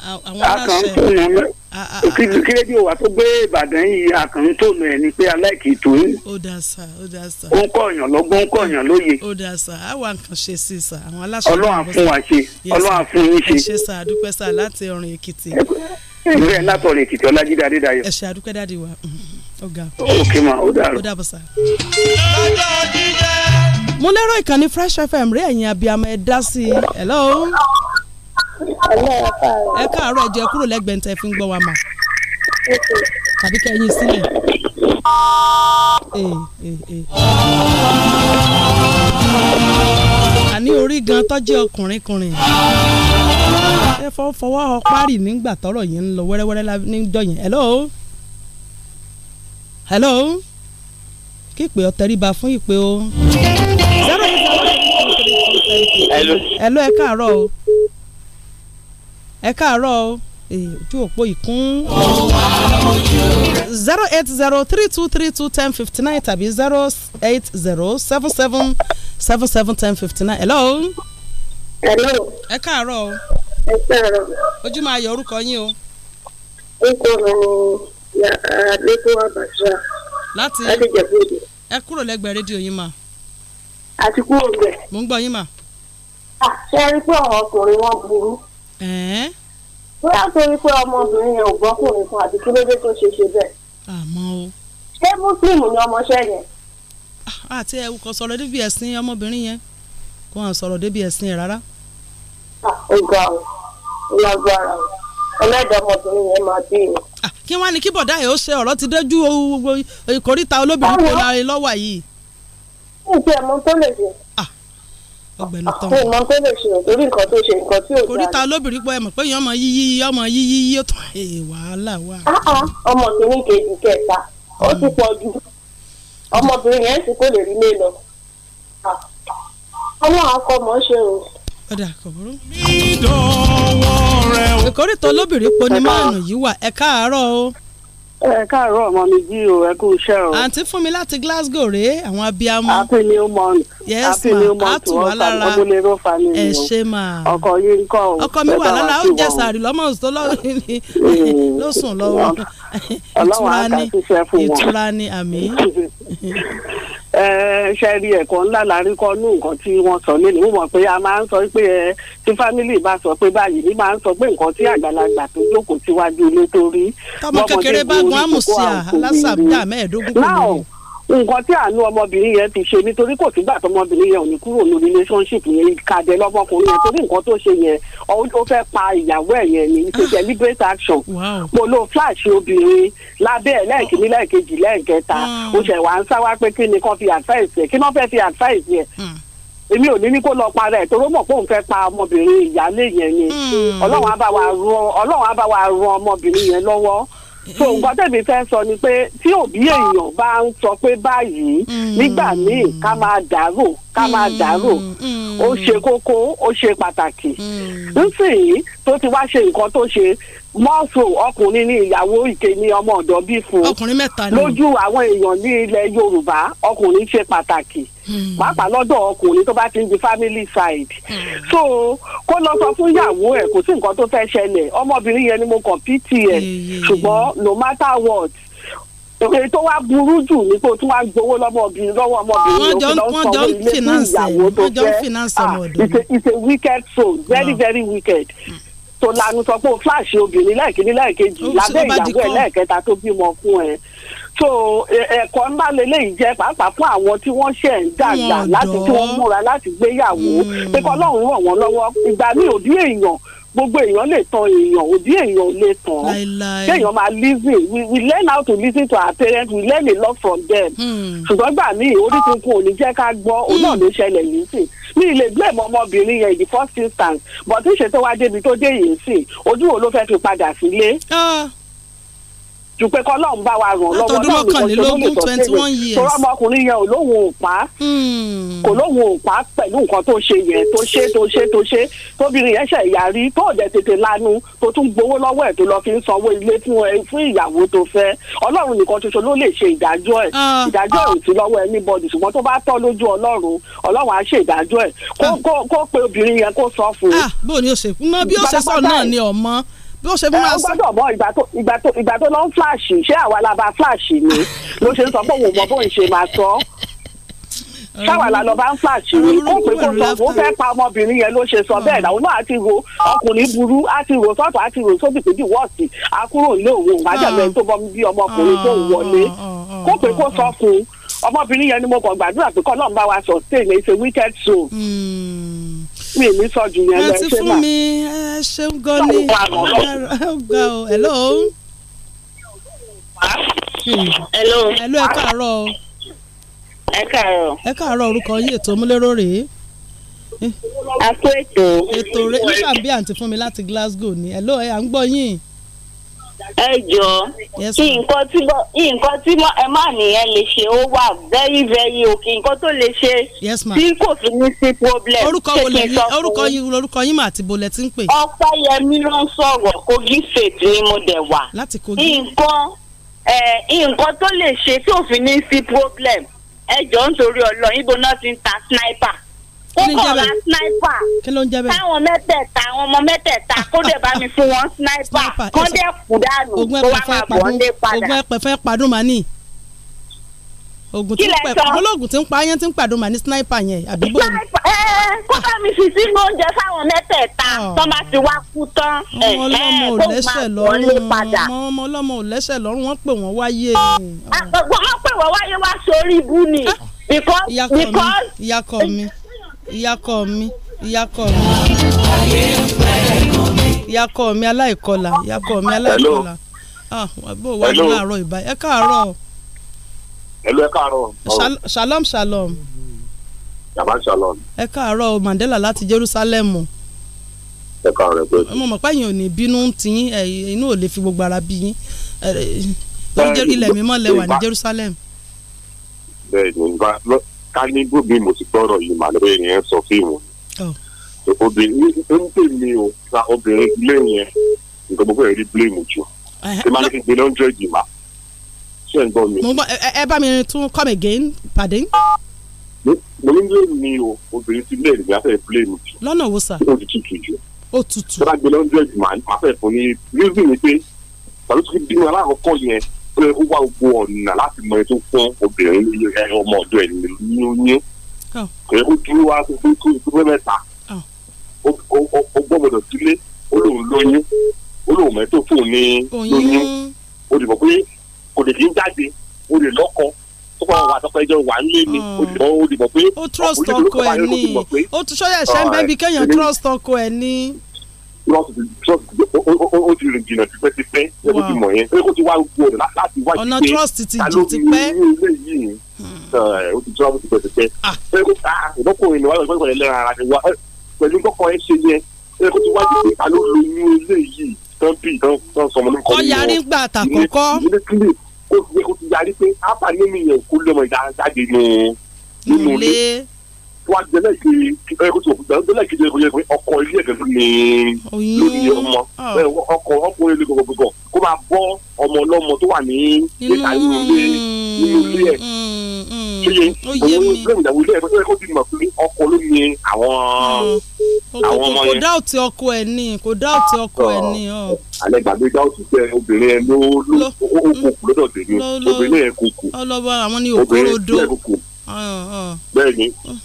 àwọn aláṣẹ kí rédíò wa tó gbé ìbàdàn yìí àkàntòmù ẹ ni pé aláìkì tó ń. ó dà sá ó dà sá. ó ń kọ̀yàn lọ́gbọ́n ó ń kọ̀yàn lóye. ó dà sá àwa nǹkan ṣe sí sá àwọn aláṣẹ. ọlọ́run fún wa ṣe ọlọ́run fún yín ṣe. ẹ ṣe sá àdúpẹ́ sá láti ọ̀rìn èkìtì. ìlú ẹ̀ látọ̀rìn èkìtì ọlájídé adédayọ̀. ẹ ṣe àdúpẹ́ dáàdi wa ọ̀gá. òkè mà ó dàrú. ó dàbọ̀ sá mo lérò ìkànnì fresh fm rí ẹ̀yin abiyamọ ẹ dá sí i hello ẹ káàárọ̀ ẹ jẹ́ kúrò lẹ́gbẹ̀ẹ́ ntẹ fi ń gbọ́ wa mà tàbí kẹ́yìn sílẹ̀. Eh, eh, eh. àní orí gan tọ́jú ọkùnrin kùnrin ẹ fọ́ fọwọ́ parí nígbà tọ́rọ̀ yìí ń lọ wẹ́rẹ́wẹ́rẹ́ níjọ́ yẹn hello hello kí ìpè ọ tẹríba fún ìpè o. hello ẹ káàárọ̀ o ẹ káàárọ̀ o ojú òpó ìkún. zero eight zero three two three two ten fifty nine tàbí zero eight zero seven seven seven seven ten fifty nine hello. hello. ẹ káàárọ̀ o. ẹ káàárọ̀. ojú máa yọ orúkọ yín o. orúkọ mi ni àlékún àbàṣà. láti láti jẹ̀bú òde. ẹ kúrò lẹ́gbẹ̀ẹ́ rédíò yín mà. àti kúrò bẹ̀. mo ń gbọ́ yín mà. ṣé ẹ rí pé ọkùnrin wọn burú bóyá torí pé ọmọbìnrin yẹn ò gbọ́kùnrin kan àti kí ló dé tó ṣe ṣe bẹ́ẹ̀. àmọ́ o. ṣé muslim ni ọmọọṣẹ́ yẹn. Ah, àti ẹ̀ kò sọ̀rọ̀ débi ẹ̀sìn ọmọbìnrin yẹn kò hàn sọ̀rọ̀ débi ẹ̀sìn rárá. ọgá ah, o lágbára ẹlẹ́dàá ọmọbìnrin yẹn máa bí o. Ah, kí wọ́n ní kí bọ̀dá yìí ó ṣe ọ̀rọ̀ ti dójú ìkórìtà olóbìnrin tó ra lọ́wọ́ yìí. ìṣe ẹ̀mọ́ tó lè ṣe ọgbẹ̀nu ah, tán. mi mọ pé lè torí nǹkan tó ṣe nǹkan tí ò dáa. koríta olóbìnrin pọ ẹ mọ̀ pé èèyàn ọmọ yíyí ọmọ yíyí yíyó tán ẹ wàhálà wà. Ah, ah, ọmọ mi ní kejì kẹta ó ti pọ̀ jù ọmọbìnrin yẹn ti kó lè rí lé lọ. ọmọ akọmọ ṣe o. ọ̀dà kọ̀ọ̀rọ̀. ìkórìtà olóbìnrin pọ̀ ni máàlù yìí wà ẹ̀ káàárọ̀ o ẹ káàárọ̀ ọmọ mi jí o ẹ kú iṣẹ́ o. àǹtí fún mi láti Glasgow rèé àwọn abiyamọ. happy new month. yes ma a tù wá lára ọmọlẹ́rọ family ẹ ṣe ma. ọkọ yìí ń kọ́ o. ọkọ mi wà lára ó jẹ sàárì lọ́mọ òsòtó ló sùn lọ́wọ́. ọlọ́wọ́ àkàtúnṣe fún wọn. ìtura ni àmì. ṣe rí ẹ̀kọ́ ńlá lárí kọ́ nú nǹkan tí wọ́n sọ lé ní mo mọ̀ pé a máa ń sọ pé ẹ tí fámìlì bá sọ pé báyìí ní máa ń sọ pé nǹkan tí àgbàlagbà tó jókòó síwájú ilé tó rí. tọmọ kékeré bá gun àmùsíà lásàbíà mẹ́ẹ̀ẹ́dógún kò ní nǹkan tí àánú ọmọbìnrin yẹn ti ṣe nítorí kò sígbà tọmọbìnrin yẹn ò ní kúrò ní relationship yẹn ìkàdé lọmọkùnrin yẹn torí nǹkan tó ṣe yẹn ó fẹ́ pa ìyàwó ẹ̀ yẹn ní ṣe ah. deliberate action mo lo flash obìnrin lábẹ́ ẹ̀ lẹ́ẹ̀kìnní oh. lẹ́ẹ̀kejì lẹ́ẹ̀kẹta ó ṣẹ̀ wá ń sáwá pé kí ni kan fi advice yẹn kí wọ́n fẹ́ fi advice yẹn hmm. èmi ò ní ní kó lọ para ẹ̀ toró mọ̀ pé òun fẹ́ pa ọmọbìnrin ìyáálé yẹn ni hmm. ọlọ́run á bá wa ran ọmọbìnrin yẹn lọ́wọ́ so mm. nǹkan tẹ̀mí fẹ́ sọ ni pé tí òbí èèyàn bá ń sọ pé báyìí mm. nígbà míì ká máa dárò ká máa mm. dárò ó ṣe kókó ó ṣe pàtàkì nísìnyí tó ti wá ṣe nǹkan tó ṣe mọ́ọ̀sù ọkùnrin ní ìyàwó ìke ní ọmọ ọ̀dọ́ bí fún lójú àwọn èèyàn ní ilẹ̀ Yorùbá ọkùnrin ṣe pàtàkì pàápàá lọ́dọ̀ ọkùnrin tó bá ti ń di family side so kó lọ sọ fún ìyàwó ẹ̀ kò sí nǹkan tó fẹ́ ṣẹlẹ̀ ọmọbìnrin yẹn ni mo kàn pts ṣùgbọ́n no matter what èyí tó wá burú jù ní kó tún wá gbowó lọ́mọbìnrin lọ́wọ́ ọmọbìnrin ló lọ́wọ́ sọ ilé fún ìyàwó tó fẹ́ ah, it's a wicked soul very ah. very wicked tó lanu sọ pé o flash obìnrin lẹ́ẹ̀kínní lẹ́ẹ̀kejì oh, lábẹ́ ìyàwó ẹ̀ lẹ́ẹ̀kẹta tó bímọ fún ẹ so ẹ̀kọ́ ńlá lélẹ́yìí jẹ́ pàápàá fún àwọn tí wọ́n ṣẹ̀ ń dàgbà láti tí wọ́n múra láti gbéyàwó hmm. pé kọ́lọ́run ràn wọ́n lọ́wọ́ ìgbà míì òdí èèyàn gbogbo èèyàn lè tan èèyàn òdí èèyàn lè tàn án kéèyàn máa listen we we learn how to listen to our parents we learn a lot from them hmm. ṣùgbọ́n gbà mí orí tuntun ò ní jẹ́ ká gbọ́ òun náà ló ṣẹlẹ̀ yìí sí mi ì lè blame ọmọbìnrin yẹn in the first instance but ìṣètò wa débi tó dé yìí sí ojú wo ló fẹ́ fi padà sílé. Ah ju pé kọ́lọ́run bá wa ràn lọ́wọ́ náà ló ṣe ló lè tọ́ sílẹ̀ tọ́rọ ọmọkùnrin yẹn ò lóhùn ò pa hmm. kò lóhùn ò pa pẹ̀lú nǹkan tó ṣe yẹn tó ṣe tó ṣe tó ṣe tóbìnrin yẹn ṣe ìyàrí tó ò dẹ̀ tètè lanu tó tún gbowó lọ́wọ́ ẹ̀ tó lọ fi ń sanwó ilé fún ẹ fún ìyàwó tó fẹ́ ọlọ́run nìkan ṣoṣo ló lè ṣe ìdájọ́ ẹ̀ ah. ìdájọ́ ẹ̀ sí lọ́wọ́ anybody ṣùgbọ́n tó bá tọ́ lójú ọlọ́run ọlọ́run á ṣe ìdájọ́ ẹ̀ kó ah. pe obìnrin yẹn kó sọ fún un. Ah, bó o ní o ṣe fún mọ bí o ṣe sọ náà ni ọmọ bí ó ṣe múra sí. ẹ gbọ́dọ̀ mọ ìgbà tó ìgbà tó ìgbà tó lọ ń fíláàṣì ṣé àwa la bá fíláàṣì ni ló ṣe ń sọ pé òun mọ bóun ṣe máa sọ ṣáwa la lọ bá ń fíláàṣì ni ó pé kó sọ òun fẹ́ pa ọmọbìnrin yẹn ló ṣe sọ bẹ́ẹ̀ làwọn náà á ti ro ọkùnrin burú á ti ro sọ́tọ̀ á ti ro sóbì pé díwọ́ọ̀sì á kúrò ilé òun àjàgbẹ́ tó bọ́ bí ọmọkùnrin tó ah, wọlé ah, ah, kó pé kó sọ fún ọmọbìnrin yẹn ni mo kàn gbàdúrà pé kọ́ mi ní sọ́jú yẹn lọ ṣé máa. fún mi ẹ ṣeun gan ni ọgbà o hello. hello. hello ẹ káàárọ̀ o. ẹ káàárọ̀. ẹ káàárọ̀ orúkọ yín ètò múlẹ́rọ̀ rèé. a kó ètò. ètò rẹ nígbà bí àǹtí fún mi láti Glasgow ni hello ẹ à ń gbọ́ yín ẹ jọ nǹkan tí nǹkan ẹ má nìyẹn lè ṣe ó wà very very òkè nǹkan tó lè ṣe tí kò fi ní sí problem. orúkọ wo lè yín orúkọ yín orúkọ yín mà àti bolẹ ti ń pè. ọpẹ́yẹmí ló ń sọ̀rọ̀ kogi state ni mo dẹ̀ wà. láti kogi. nǹkan nǹkan tó lè ṣe tí òfin ní sí problem ẹ jọ ń torí ibo náà ti ń ta sniper ó kọ̀ ra sniper táwọn mẹ́tẹ̀ẹ̀ta àwọn ọmọ mẹ́tẹ̀ẹ̀ta kó dẹ̀ bá mi fún wọn sniper kó dẹ̀ kú dànù kó wá máa bọ̀ ọ́n dé padà. ogun ẹ̀pẹ̀ fẹ́ padùn mà ní ogun tí ń pẹ ológun tí ń pa yẹn tí ń pàdún mà ní sniper yẹn àbíbò ni. kó bá mi fi sínú oúnjẹ fáwọn mẹ́tẹ̀ẹ̀ta ah. tó bá ti wá kú tán ẹ̀ ẹ̀ kó máa wọ́n lé padà. ọmọ ọlọ́mọ ò lẹ́sẹ̀ lọ́rùn wọ́n pè wọ́n wáyé. wọ́n pè wọ́n wáyé wá sórí ibú ni. Ah. ìyàkọ̀ mi ìyàkọ̀ mi ìyákọ mi ìyákọ mi ìyákọ mi aláìkọlà ìyákọ mi aláìkọlà ah bó wà ní àárọ̀ ìbá ẹ káàárọ̀. ẹlò ẹ káàárọ̀. shalom shalom. yàrá shalom. ẹ káàárọ̀ Mandela láti Jerusalem. ẹ káàárọ̀ pé. ọmọ mọ̀pá yìí ò ní bínú tiyín inú ò lè fi gbogbo ara bí yín ilẹ̀ mímọ́ lẹ ní Jerusalem. bẹ́ẹ̀ ni ká ní mo ti gbọ́rọ̀ yìí màá lóye yẹn sọ fíìmù oh. obìnrin ń pè mí o sa obìnrin ilé yẹn nǹkan gbogbo ẹ̀rí blame jù ṣé máa ní kí n gbé hundred mà ṣé ń gbọ́ mi. ẹ bá mi tún come again pardon. mo ní lè mi o obìnrin ti lè rìn afẹ́ blame jù. lọ́nà wo sà. ó tutù jù. ó tutù. ṣé máa gbé hundred mà máa fẹ́ fún ní reason ni pé pàlọ́ tó fi bínú aláàkọ́kọ́ yẹn pé ó wá gbogbo ọ̀nà láti mọ ètò fún obìnrin ní ọmọ ọ̀dọ̀ ẹ̀ ní oyún oh. kò ó dúró wá kó fún ìdúró mẹ́ta oh. ó gbọ́mọdọ̀ sílé ó lòun lóyún ó lòun mẹ́tò fún un ní lóyún ó dìbò pé kò lè kí ń jáde ó lè lọ́kọ tó kọ́ àwọn àtọ́kọ ẹjọ́ wà nílé ni oh. ó dìbò pé ó trust ọkọ ẹ̀ ní ó ṣọ́yẹ̀ ṣẹ́ kéèyàn trust ọkọ ẹ̀ ní ó ti rìn jìnnà tipẹ́ trust ti jù ti pẹ́ ó ti ẹ ṣe yẹn ẹ kó ti wá jù ta ló lo inú eléyìí tán bí tán tán sọmọ ní kọ́ ní wọn ọ̀yàrí gbà tàkọ́kọ́ hmm. ilé kílè kó ti yarí pé ápà nínú yẹn kó lọ́mọ ìdájáde nínú ilé wá jẹlẹ kejì jẹlẹ kejì ẹgbẹ pé ọkọ ilé ẹgbẹ lónìí lónìí ọmọ ah. ọkọ ọkùnrin ilé gbogbogbò kó máa bọ ọmọ ọlọmọ tó wà ní ìta ilé nínú ilé ẹ ṣeye òun ilé ìyàwó ilé ẹ kó ti mọ̀ pé ọkọ ló ní àwọn mm. àwọn ọmọ yẹn. kò dá òtí ọkọ ẹ ní kò dá òtí ọkọ ẹ ní. alẹ́ gbàgbé dá òtí pé obìnrin ẹ ló ló ó kò lọ́dọ̀ tèmi obìnrin ẹ kò obìnrin ẹ kò oh, oh. bẹ́ẹ̀ ni. Oh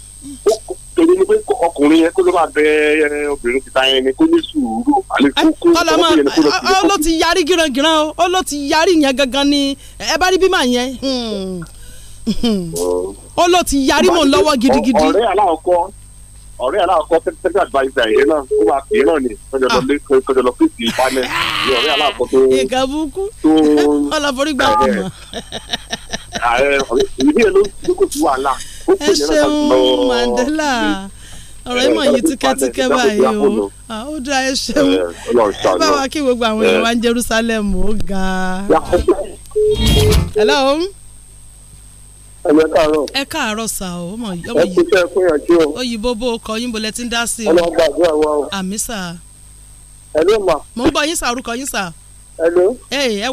ọkùnrin yẹn kó ló máa bẹ obìnrin títa yẹn ni kó ní sùúrù àlè kókó ọmọ yẹn ni kó lọ sí ilé. ó ló ti yarí gírangíran o ó ló ti yarí yẹn gangan ni ẹ bá rí bímọ yẹn hmm. ó ló ti yarí mọ́ lọ́wọ́ gidigidi. ọ̀rẹ́ aláwọ̀kọ́ ọ̀rẹ́ aláwọ̀kọ́ tẹ́tẹ́ advisor yẹn náà ó máa pè é náà ni kọjọ lé kọjọ fèsì panel ní ọ̀rẹ́ aláwọ̀kọ́ tó. ìka burúkú ọlọ́forí gbà wọ́n mọ̀. ìdí ẹ̀ ló ń kó sí wàhálà. ẹ ṣeun Mandela. ọ̀rọ̀ yìí mọ̀ yìí báyìí o ó dá ẹ ṣeun ẹ bá wa kí gbogbo àwọn èèyàn Jerusalem ó ga. hello. ẹ káàárọ̀. ẹ káàárọ̀ sà o ọmọ yìí. ẹ kú tẹ ẹ pé ẹjọ. oyinbo bó o kọ yín bolẹ ń dá sí o. o. àmì sà. mò ń yín sà orúkọ yín sà.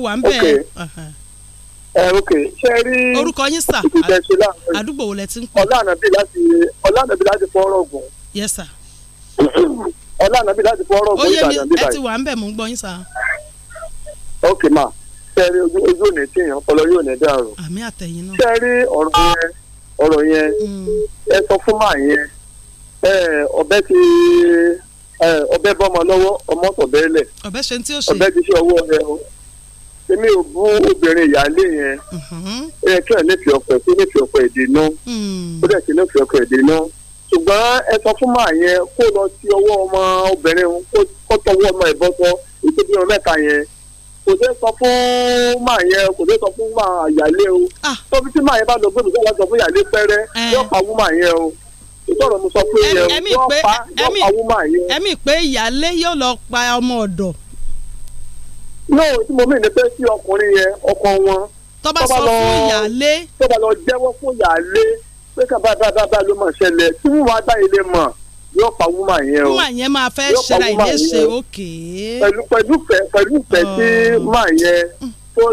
wà ń bẹ̀. ok ṣe rí. orúkọ yín sà àdúgbò wo lẹ ti ń pè. yes sir. ọlá ànábì láti fọ ọ̀rọ̀ ògbóni ìbàdàn bíbá yìí. ó yẹ ẹ ti wà ń bẹ̀ mú gbọ́ yín sá. ok ma sẹ́ẹ̀rí ojú òní tí èèyàn ọpọlọ yóò ní dàrú. àmì àtẹ̀yìn náà. sẹ́ẹ̀rí ọ̀rọ̀ yẹn ọ̀rọ̀ yẹn mm. ẹ sọ fún màá yẹn ọ̀bẹ ti ọ̀bẹ bọ́mọ lọ́wọ́ ọmọ tọ̀bẹ lẹ̀. ọ̀bẹ ṣe tí ó ṣe. ọ̀bẹ ti ṣe ọwọ́ rẹ o èmi ò bú obìnrin ìyáálé yẹn mm-hmm. ẹ kí ẹ nífẹ̀ẹ́ ọkọ ẹ sí nífẹ̀ẹ́ ọkọ ìdènà mm. ó dẹ̀ sí nífẹ̀ẹ́ ọkọ ìdènà ṣùgbọ́n ẹ sọ fún yẹn kó lọ sí ọwọ́ ọmọ obìnrin kó tọwọ́ ọmọ ìbọn sọ ètò ìbímọ yẹn kò dé sọ fún màá yẹn kò dé sọ fún màá o ah. tóbi tí màá yẹn bá lọ gbé eh. yẹn o ìtọ́rọ̀ sọ pé yẹn yóò pa yẹn. ẹ̀mí pé yóò lọ pa ọmọ ọ̀dọ̀. náà tí mo mìíràn pé ọkọ wọn. tó lọ jẹ́wọ́ fún ìyálé pé kábà bàbá ló mọ̀ ṣẹlẹ̀ tí wọ́n wá dá ilé mọ̀ yóò pa wúmà yẹn o wúmà yẹn máa fẹ́ ṣẹlẹ̀ ìléṣe òkè. pẹ̀lú pẹ̀lú fẹ́ pẹ̀lú fẹ́ tí má hmm. yẹn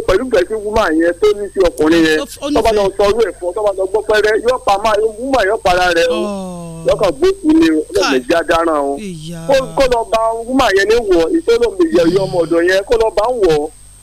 pẹ̀lú fẹ́ tí wúmà yẹn tó ní sí ọkùnrin yẹn tọ́ba lọ sọrú ẹ̀ fún tọ́ba lọ gbọ́ pẹ́rẹ́ yóò pa má wúmà yóò para rẹ̀ o lọ́kàn oh. gbókùn ni ọlọ́mọ ìjà dáràn o kó lọ bá wúmà yẹn ní wọ̀ ìṣẹ́lómi yẹ ọmọ ọ̀dọ̀ yẹn kó lọ bá wọ̀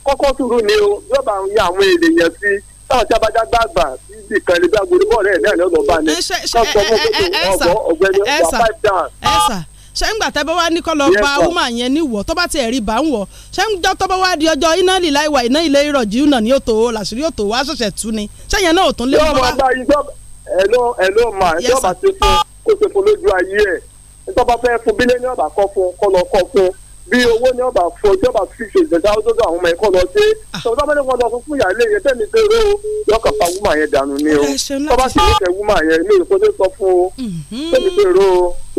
kọ́kọ́ sùúrù ni o yóò táwọn tí a bá já gbàgbà bíbí kan lè bí agolo bọ́ọ̀lù ẹ̀ náà ni ọ̀nà bá ní. kọ́sọ̀ mú kókò ọ̀gbẹ́ni wà five down. ṣẹ́ngbà tẹ́ bá wá ní kọ́ lọ bá woman yẹn níwọ̀ tó bá tiẹ̀ rí bá ń wọ̀ ṣẹ́ngbà tó bá wá di ọjọ́ iná líla ìwà iná ilé ìrọ̀jì náà ni òtò làṣírí òtò wá ṣẹ̀ṣẹ̀ tú ni ṣẹ́yẹn náà ò tún lé wọn wá. ẹ̀ló ẹ̀ló mà ẹ̀jọ́ bá ti fún kó ṣe fún lójú ayé ẹ̀ nítorí bá fẹ́ fún bílẹ̀ ní ọ̀bà kọ́ fún kọ́ lọ kọ́ fún bí owó ní ọba fún ọjọ́ bá fi ṣe ìjọba ọdọọdọ àwọn ọmọ ẹ̀kọ́ lọ dé sọ̀rọ̀ ah. bá mẹ́rin wọn lọ sọ fún ìyáálé yẹn tẹ́mi pé ró lọ́kàn pa wúmà yẹn dànù ni o tọ́ba sì lókè wúmà yẹn ní ìfọ́ tó sọ fún o mm-hmm. tẹ́mi pé ró o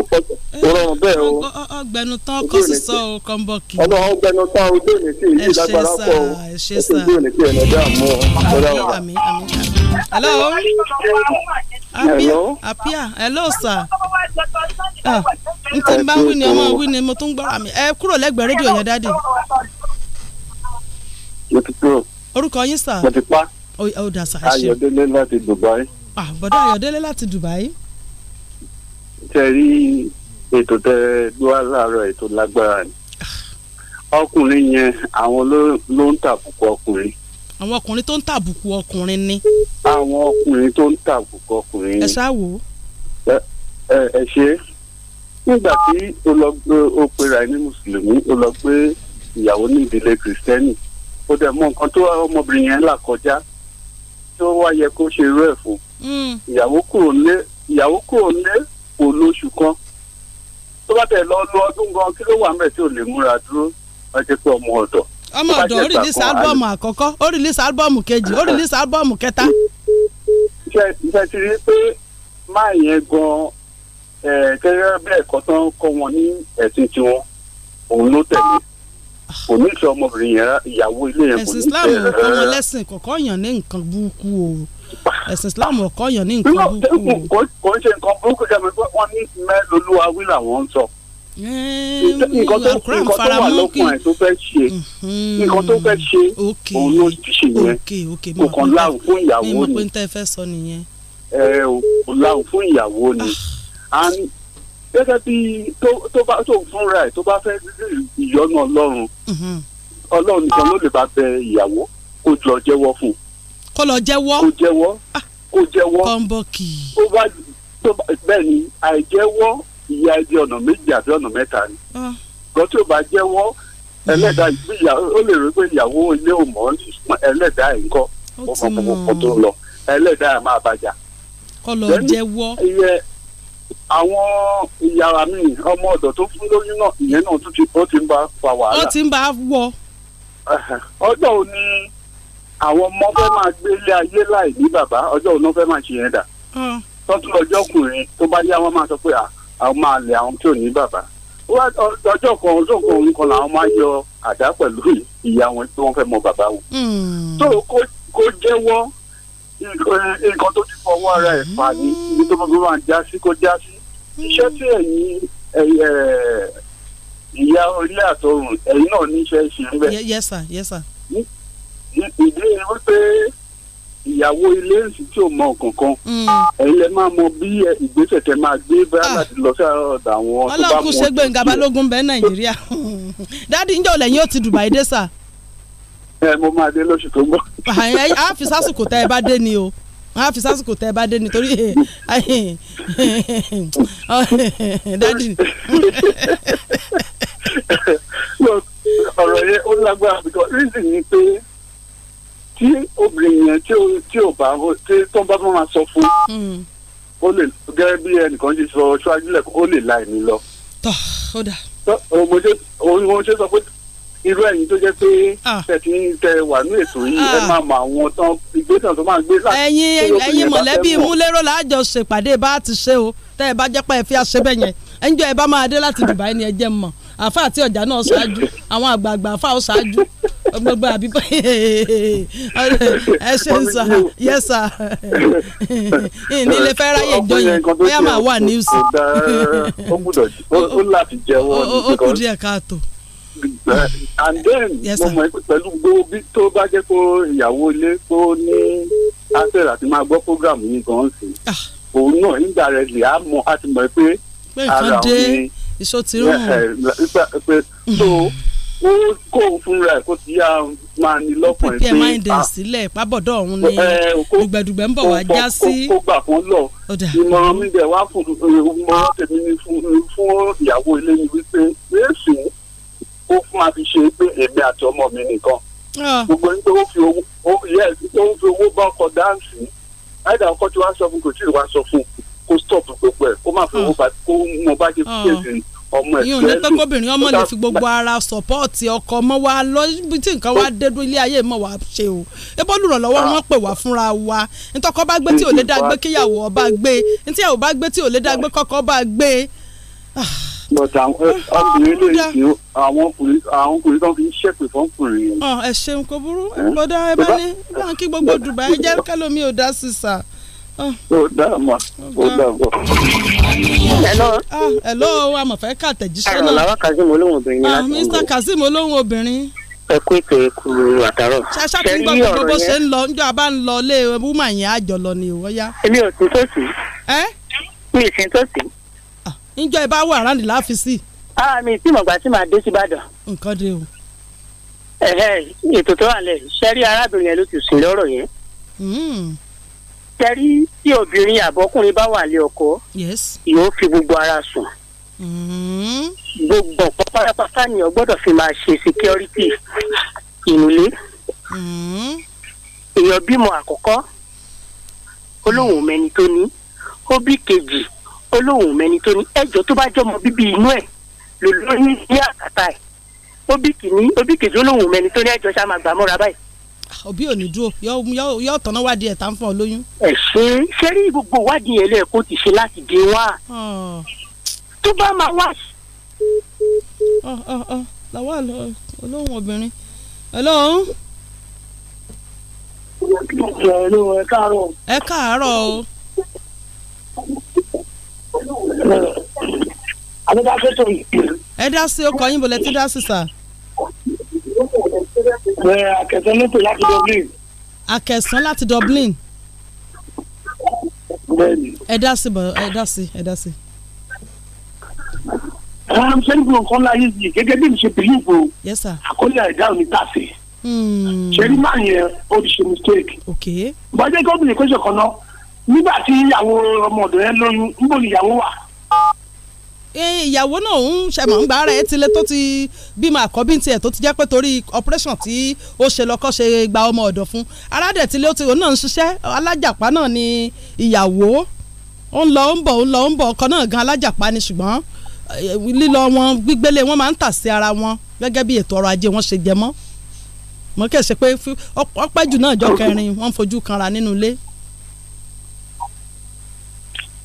rọrùn bẹ́ẹ̀ o. ọgbẹnu tán kó sì sọ o kọ́ńbọ̀kì. ọlọ́ ọgbẹnu tán ojú òní kì í lágbára pọ̀ o ó sì ojú òní kì í ẹ̀nà hello. hello. apia hello sir. Ah, ah, n tí n bá wí ni ọmọ wí ni mo tún gbọ́ra mi ẹ kúrò lẹ́gbẹ̀ẹ́ rédíò yẹn dáàdì. mo ti kúrò. orúkọ yín sà. mo ti pa. ó dà sà. ayọ̀délé láti dubai. ah bọ̀dá ayọ̀délé láti dubai. tẹ rí ètò tẹ gbọ́ láàárọ̀ ètò lágbára ni ah. ọkùnrin yẹn àwọn ló ń tàbùkù ọkùnrin àwọn ọkùnrin tó ń tàbùkù ọkùnrin ni. àwọn ọkùnrin tó ń tàbùkù ọkùnrin ni. ẹ ṣáà wò. ẹ ẹ ṣe nígbà tí o lọ gbé o pera ẹni mùsùlùmí o lọ gbé ìyàwó ní ìdílé kìrìsìtẹ́nì o dẹ̀ mọ nǹkan tó ọmọbìnrin yẹn là kọjá tó wá yẹ kó ṣe irú ẹ̀ fún. Hmm. ìyàwó kúrò nílé ìyàwó kúrò nílé kò lóṣù kan tó bá tẹ̀ lọ lọ ọdún gan kí ló wà mẹ́ẹ̀ tí ò lè múra dúró wọ́n ti pé ọmọ ọ̀dọ̀ ọmọ ọ̀dọ̀ ó rìlísì álbọ̀mù àkọ́kọ́ ó rìlísì álbọ̀mù kejì ó rìlísì álbọ̀mù kẹta. iṣẹ́ ti rí i pé máa yẹn gan-an kẹ́rẹ́ bẹ́ẹ̀ kọ́ tán kọ́ wọn ní ẹ̀sìn tiwọn òun ló tẹ̀lé kò ní ìfẹ́ ọmọbìnrin yẹn ìyàwó ilé yẹn kò ní ìfẹ́ ẹ̀sìn Islam ọkọ wọn lẹ́sìn kọ̀ọ̀kọ́ yàn ní nǹkan burúkú o ẹ̀sìn Islam ọkọ yàn ní nǹkan burúkú o. kò ń ṣe nǹkan burúkú kẹ́mi wọ́n ní mẹ́lòlúwa wí làwọn ń sọ nǹkan tó nǹkan tó wà lọ́kùn ẹ̀ tó fẹ́ ṣe mhm. nǹkan tó fẹ́ ṣe òun ló ti ṣe yẹn kò kàn láwùn fún ìyàwó ni mo pé n tẹ́ fẹ́ sọ nìyẹn. ẹ ò láwùn fún ìyàwó ni ah. and gẹ́gẹ́ bí tó bá tó fúnra ẹ̀ tó bá fẹ́ ìyọ́nú ọlọ́run mhm. ọlọ́run nìkan ló lè bá bẹ ìyàwó kó lọ jẹ́wọ́ fún un. kó lọ jẹ́wọ́ kó jẹ́wọ́ ah. kó jẹ́wọ́ kọ́ńbọ̀kì. bá bẹ́ẹ̀ ni àìjẹ́wọ́ ìyá ẹbí ọ̀nà méjì àbí ọ̀nà mẹ́ta ni. ṣùgbọ́n ah. tí ó bá jẹ́wọ́ ẹlẹ́dàá ìyàwó ó lè rí ìyàwó ilé ò mọ́ ẹlẹ́dàá ẹ̀ ń kọ́ tó ń lọ ẹlẹ́dàá ẹ̀ bàjá. kọlọ jẹwọ. Iye àwọn ìyàrá mi ọmọ ọ̀dọ̀ tó fún lóyún náà ìyẹn náà tún ti ti ń fa wàhálà. ó ti ń wọ. ọjọ́ ò ní àwọn ọmọ fẹ́ máa gbé ilé ayé láì ní bàbá ọjọ́ ò náà fẹ́ máa ṣe yẹn ah. bá yá wọn máa sọ pé à àwọn máa lẹ àwọn tí ò ní bàbá ọjọ́ kan ọjọ́ kan òun kan làwọn máa yọ àdá pẹ̀lú ìyá wọn tí wọ́n fẹ́ mọ bàbá wọn. tó hmm. kó jẹ́wọ́ nǹkan tó ti fọwọ́ ara ẹ̀ fà ní hmm. ibi tó bá máa já sí kó já sí hmm. iṣẹ́ tí ẹ̀yin ìyá orí àtọrùn ẹ̀yin náà níṣẹ́ ṣe ń bẹ̀. yes sir yes sir. wípé ìyàwó ilé ń sì tí ò mọ kankan hmm. ẹ̀yin lè máa mọ bí eh, ìgbésẹ̀ tẹ máa gbé bẹ́ẹ̀ ah. lọ sí ọ̀dà àwọn tó bá mọ. ọlọ́run ṣe Gbénga Balógun bẹ́ẹ̀ Nàìjíríà dádì ń jẹ́ òlẹ̀ ó ti Dubai dé sà. ẹ mo máa dé lóṣù tó ń bọ̀. Ah, a sásìkò tẹ ẹ bá dé ni o a fi sásìkò tẹ ẹ bá dé ni torí eh, dádì ọ̀rọ̀ yẹn ó lágbára bìkọ́ rízì ni pé tí obìnrin yẹn tí ò bá tí tó bá fún wa sọ fún hmm. ó lè gẹ́gẹ́ bí ẹnìkan ṣe sọ ṣáájú lẹ̀ ó lè la ẹ̀mí lọ. tọ́ ó dà. mo ṣe sọ pé irú ẹ̀yin tó jẹ́ pé tẹ̀tí ah. tẹ wà ní ètò yìí ẹ ah. máa mọ àwọn tán ìgbésẹ̀ tó máa gbé láti. ẹ̀yin ẹ̀yin mọ̀lẹ́bí múlẹ́rọ̀ láàjọ ṣèpàdé bá a ti ṣe o tẹ́ ẹ bá jẹ́ pé ẹ fi àṣẹ bẹ́ẹ̀ yẹn ẹ̀ ẹ bá máa dé láti Dubai ni ẹ jẹ́ mọ̀ àfa àti ọjà náà ṣáájú àwọn àgbààgbà àfa ó ṣáájú ọmọ gba àbí ẹ ṣe ń sà yẹ sà nílé fẹ́ ráyè jọ yẹn bóyá máa wà ní ìsìn. ó gbúdọ̀ ó láti jẹ́wọ́ ní. ó kù díẹ̀ káàtó. and then mo mọ̀ pẹ̀lú gbogbo tó bá jẹ́ kó ìyàwó ilé tó ní access àti máa gbọ́ program yìí gan-an sí ah. òun náà nígbà rẹ̀ lè á mọ̀ mọ̀ pé ara òun ni. pé ti rùn. Eh, so mm kó kó fúnra ẹ̀ kó ti yá máa ní lọ́kàn ẹ̀ pé ó pẹ́ máa ń dẹ̀ sílẹ̀ pábọ̀dọ̀ ọ̀hún ni dùgbẹ̀dùgbẹ̀ ń bọ̀ wá já sí. kó gbà fún lọ ìmọ̀ràn mi dẹ̀ wá fún ìmọ̀ràn tèmi ni fún ìyàwó ilé ni wípé yéésù ó fún ma fi ṣe pé èmi àti ọmọ mi nìkan ah. gbogbo ń yes tó ń fi owó bá ọkọ̀ dáǹsì àìdá ọkọ̀ tí wàá sọ fún kò tí ì wá sọ fún kó stop gbogbo ẹ̀ kó má fi owó ah. bá kó mọ bá ṣe fún ah. kéèsì ọmọ ẹ̀fẹ́ lò. ìyóò ní pé kóbìnrin ọmọ lè fi gbogbo ara sọ̀pọ́ọ̀tì ọkọ mọ́ wa lọ bí tí nǹkan wa dé ilé ayé mọ́ wa ṣe o ebó olùrànlọ́wọ́ wọn pè wá fúnra wa ntọ́kọ bá gbé tí ò lè dá gbé kíyàwó ọba gbé ntíyàwó bá gbé tí ò lè dá gbé kọ́kọ́ bá gbé. ọkùnrin eh, ah, ah, lè ṣe àwọn ọkùnrin àwọn ọkùnrin fi ń fọ́nkùnrin. Ah, ẹ ṣeun kò burú bọ́dà eh? ẹ bá ní kí gbogbo Dubai jẹ́ kẹ́lómi ò dá sísà. ó dààmú ó dààmú. hello. ah hello amọ̀fẹ́ kà náà. kazeem olóhùn obìnrin ni ah, láti ń bọ̀. mr kazeem olóhùn obìnrin. ẹ kú ètò ẹkú àtàrọ. ṣáṣá tí ń ṣe ń lọ níjọ́ àbá ń lọ lé wúmà yẹn àjọ lọ ni ìwọ́ yá. èmi ò tòsí. Ah, ẹ. Ah, mi a mi tí màá dé sí Ìbàdàn. nǹkan o. ètò tó wà ṣẹ́rí arábìnrin yẹn ló ti yẹn. Hmm. tẹ́rí tí obìnrin àbọ́kùnrin bá wà lé ọkọ yóò fi gbogbo ara sùn mm-hmm. gbogbo ọ̀pọ̀ pátápátá ni o gbọ́dọ̀ fi máa ṣe security ìnulẹ̀ mm-hmm. èèyàn bímọ àkọ́kọ́ olóhùn mẹ́ni tó ní ó bí kejì olóhùn mẹ́ni tó ní ẹjọ́ tó bá jọmọ bíbí inú ẹ̀ lòlóyún ní àkàtà ẹ̀ ó bí kìíní ó bí kejì olóhùn mẹ́ni tó ní ẹjọ́ ṣá máa gbà mọ́ra báyìí òbí ah, ò ní dúró yóò tọ́nà wádìí ẹ̀ tá ń fún ọ lóyún. ẹ ṣe ṣe rí gbogbo wádìí ẹ lẹ́ẹ̀kó ti ṣe láti dé wá ah. tó bá máa wá. Ah, làwọn olóhùn obìnrin ọlọ́run. ẹ káàárọ̀. ẹ káàárọ̀ o. ẹ dá sí ọkọ yín bọ̀lẹ́ tí dá sí sà bẹ́ẹ̀ akẹ̀sán ló pè láti Dublin. akẹ̀sán láti Dublin. bẹ́ẹ̀ni. ẹ dá sí ẹ dá sí ẹ dá sí. àwọn sẹ́ńtì nǹkan láyé yìí gẹ́gẹ́ bí mi ṣe bìlíìfù àkọlé àìdá òní tàṣe. Hmm. ṣẹ́rí máa yẹn ó ti ṣe mistake. bọ́jẹ́ gómìnà kọ́ṣẹ́ kan náà nígbà tí ìyàwó ọmọ ọ̀dọ̀ yẹn lóyún níbo ni ìyàwó wà. Eh, ìyàwó náà ń ṣẹ̀mọ̀ ń gbà ara ẹ̀ tó ti bímọ àkọ́bí tiẹ̀ tó ti jẹ́ pé torí operation tí ó ṣe lọ́kọ́ ṣe gba ọmọ ọ̀dọ̀ fún aládẹ̀ tilẹ̀ ó òun náà ń ṣiṣẹ́ alájàpá náà ni ìyàwó ó ń lọ ó ń bọ̀ ó ń lọ ó ń bọ̀ ọkọ náà gan alájàpá ni ṣùgbọ́n eh, lílọ wọn gbígbélé wọn máa ń tà sí ara wọn gẹ́gẹ́ bí ètò ọrọ̀ ajé wọn ṣe jẹ mọ́ mọ́ kẹ́ ṣe pé ọpẹ́jù náà jọ kẹrin wọ́n fojú kanra nínú ilé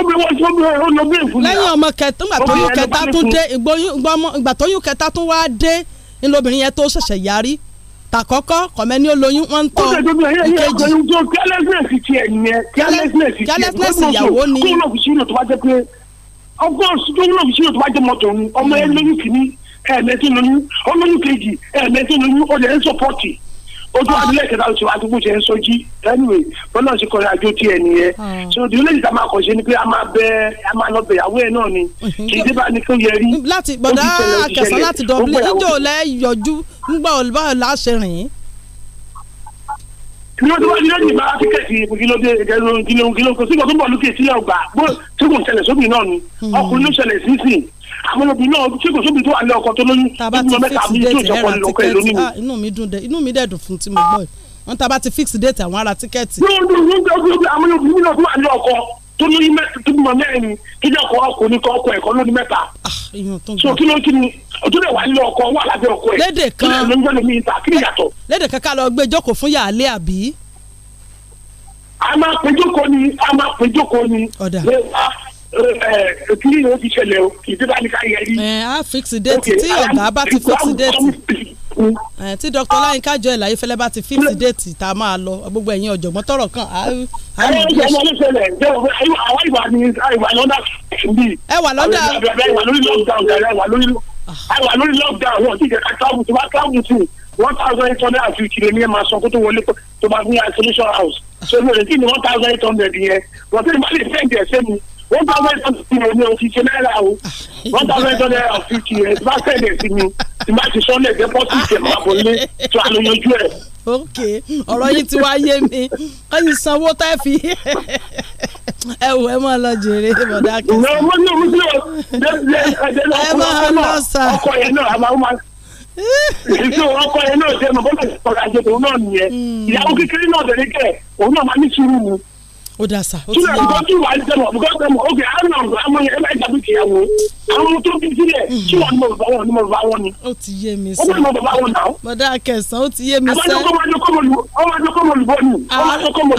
obìnrin wọn tó bẹ̀rẹ̀ olóògbé ìfúnni. lẹ́yìn ọmọ kẹta gbàtóyún kẹta tún dé gbàtóyún kẹta tún wá dé ńlọbìnrin yẹn tó ṣẹ̀ṣẹ̀ yarí tàkọ́kọ́ kọ̀mẹ́ ní olóyún wọn ń tọ́ ìkejì. carelessness ti ẹ̀ yẹn carelessness ìyàwó ni. tó bá jẹ́ pé ọgbọ́n tó mọ́tò ọmọ ẹ lóyún kìíní ẹ̀ẹ̀mẹ́tì lóyún ọlọ́yún kejì ẹ̀ẹ̀mẹ́tì lóyún ọ̀dẹ̀ ẹ̀ ń sọ̀pọ̀tì ojú ah. adúlẹ̀ kẹta oṣù àdúgbò ṣe ń sojí anyway bọ́lá ṣe kọrin àjò tí ẹ nìyẹn hmm. so the only thing I'm máa kọ̀ ṣe ni pé a máa bẹ a máa lọ bẹ ìyàwó ẹ náà ni hmm. kì í dé bá ní kó yẹ rí. láti gbọ̀dá akẹ́sán láti dọ̀bílẹ̀ níjọ́ lẹ́ yọjú ńgbà olùbáyọ̀ láṣẹ rìn ní wọ́n ti wá nílẹ̀ nígbà tíkẹ́ẹ̀tì kìlódé kìló kìló kò sígbà tó bọ̀ lókè sílẹ̀ ọgbà bó tí kò ṣẹlẹ̀ sóbì náà ni hmm. ọkùnrin ló ṣẹlẹ̀ sínsìn àwọn obìnrin náà tí kò sóbì tó wà ní ọkọ tó lóyún nínú mẹ́ta mi tó ìṣọ̀kan ní ọkọ ìlú nínú. Ah, inú mi dùn dẹ inú mi dẹ̀ dùn fún tí mo gbọ́ wọn tá a bá ti fix date àwọn ará tíkẹ́ẹ̀tì tó lóyún mẹ́ta tó bímọ mẹ́rin ọkọ ọkọ ní ọkọ ẹ̀kọ́ lóní mẹ́ta. so kí ló kí ni tó lè wà nílé ọkọ wà lábẹ́ ọkọ ẹ̀ lédè kan tó lè lóyún lómi ìta kí ni yàtọ̀. lédè kan ká lọ gbé jókòó fún yàálé àbí. a máa pè jókòó ni a máa pè jókòó ni. ọ̀dà kí ni o ti ṣẹlẹ̀ o kì í dé bá ní ká yẹ rí. ẹ á fix date tí ọ̀gá bá ti fix date ni. Mm. ẹ eh, tí dr láyínká joel ayéfẹ́lẹ́ bá ti fífi mm. déètì tá a máa lọ gbogbo ẹ̀yin ọ̀jọ̀gbọ́n tọrọ kan. ẹ wà lọ́dà. ẹ wà lórí lockdown ẹ wà lórí lockdown ah. wọn ti jẹ ká travel tó bá travel tó one thousand eight hundred and fifty lèmi ẹ máa san kó tó wọlé tó bá ní isolation house so ní ọ̀rẹ́dì ni one thousand eight hundred yẹn wọ́n ti ní má lè sẹ́ǹdì ẹ̀ sẹ́mi one thousand twenty three ní oṣù ṣe náírà o one thousand twenty naira fifty ẹ̀ bá sẹ́ẹ̀dẹ̀ sí mi tí bá ti sọ́nà ẹ̀jẹ̀ pọ́sì ìṣẹ̀ máa bọ̀ lé tó a lè yanjú ẹ̀. ok ọ̀rọ̀ yìí ti wá yé mi ẹ̀yin sanwó tá ẹ fi ẹ wò ẹ máa lọ jèrè bọ̀dá kẹsàn. ọmọ ní omi tí o ẹ máa lọ sà ọkọ yẹn náà a máa ń ìṣó ọkọ yẹn náà jẹ́ mọ̀ bọ́lá ìṣọ̀rọ̀ àjẹtò náà nìyẹn hmm. ìyàwó kékeré náà dẹ̀ ó dá sa. kí lóò nǹkan tí wàá jẹ́ mọ̀ nǹkan jẹ́ mọ̀ ok àwọn ọ̀rọ̀ àwọn yẹn bá ìgbà tó kì í yàwó àwọn tó bí sílẹ̀ kí wọ́n mọ̀ bàbá wọn ni mọ̀ bàbá wọn ni. ó ti yé mi sẹ́ ó mọ̀ bàbá wọn náà. bọ̀dá kẹsàn-án ó ti yé mi sẹ́. ọmọ ọjọ́ kọ́ mọ̀ lùbọ́ ni ọmọ ọjọ́ kọ́ mọ̀ lùbọ́ ni.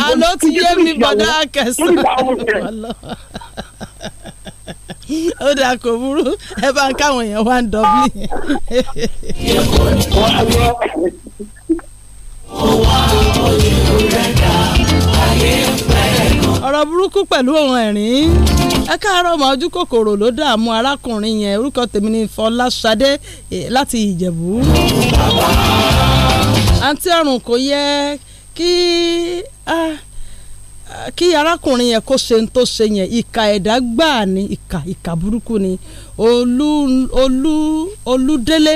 àló ti yé mi bọ̀dá kẹsàn-án ó dà kò burú ẹ bá ń káwọn èèyàn wá ń dọ́bí. ó wá ọyẹ́ rẹ̀ dá ọ̀rọ̀ burúkú pẹ̀lú òun ẹ̀rín ẹ káàárọ̀ ọmọ ojú kòkòrò ló dààmú arákùnrin yẹn orúkọ tèmi ni Fọláṣadé e, láti Ìjẹ̀bú. àǹtí ọ̀run kò yẹ kí kí arákùnrin yẹn kó ṣe ń tó ṣe yẹn ìka ẹ̀dá gbáà ni ìka ìka burúkú ni olú olú olúdélé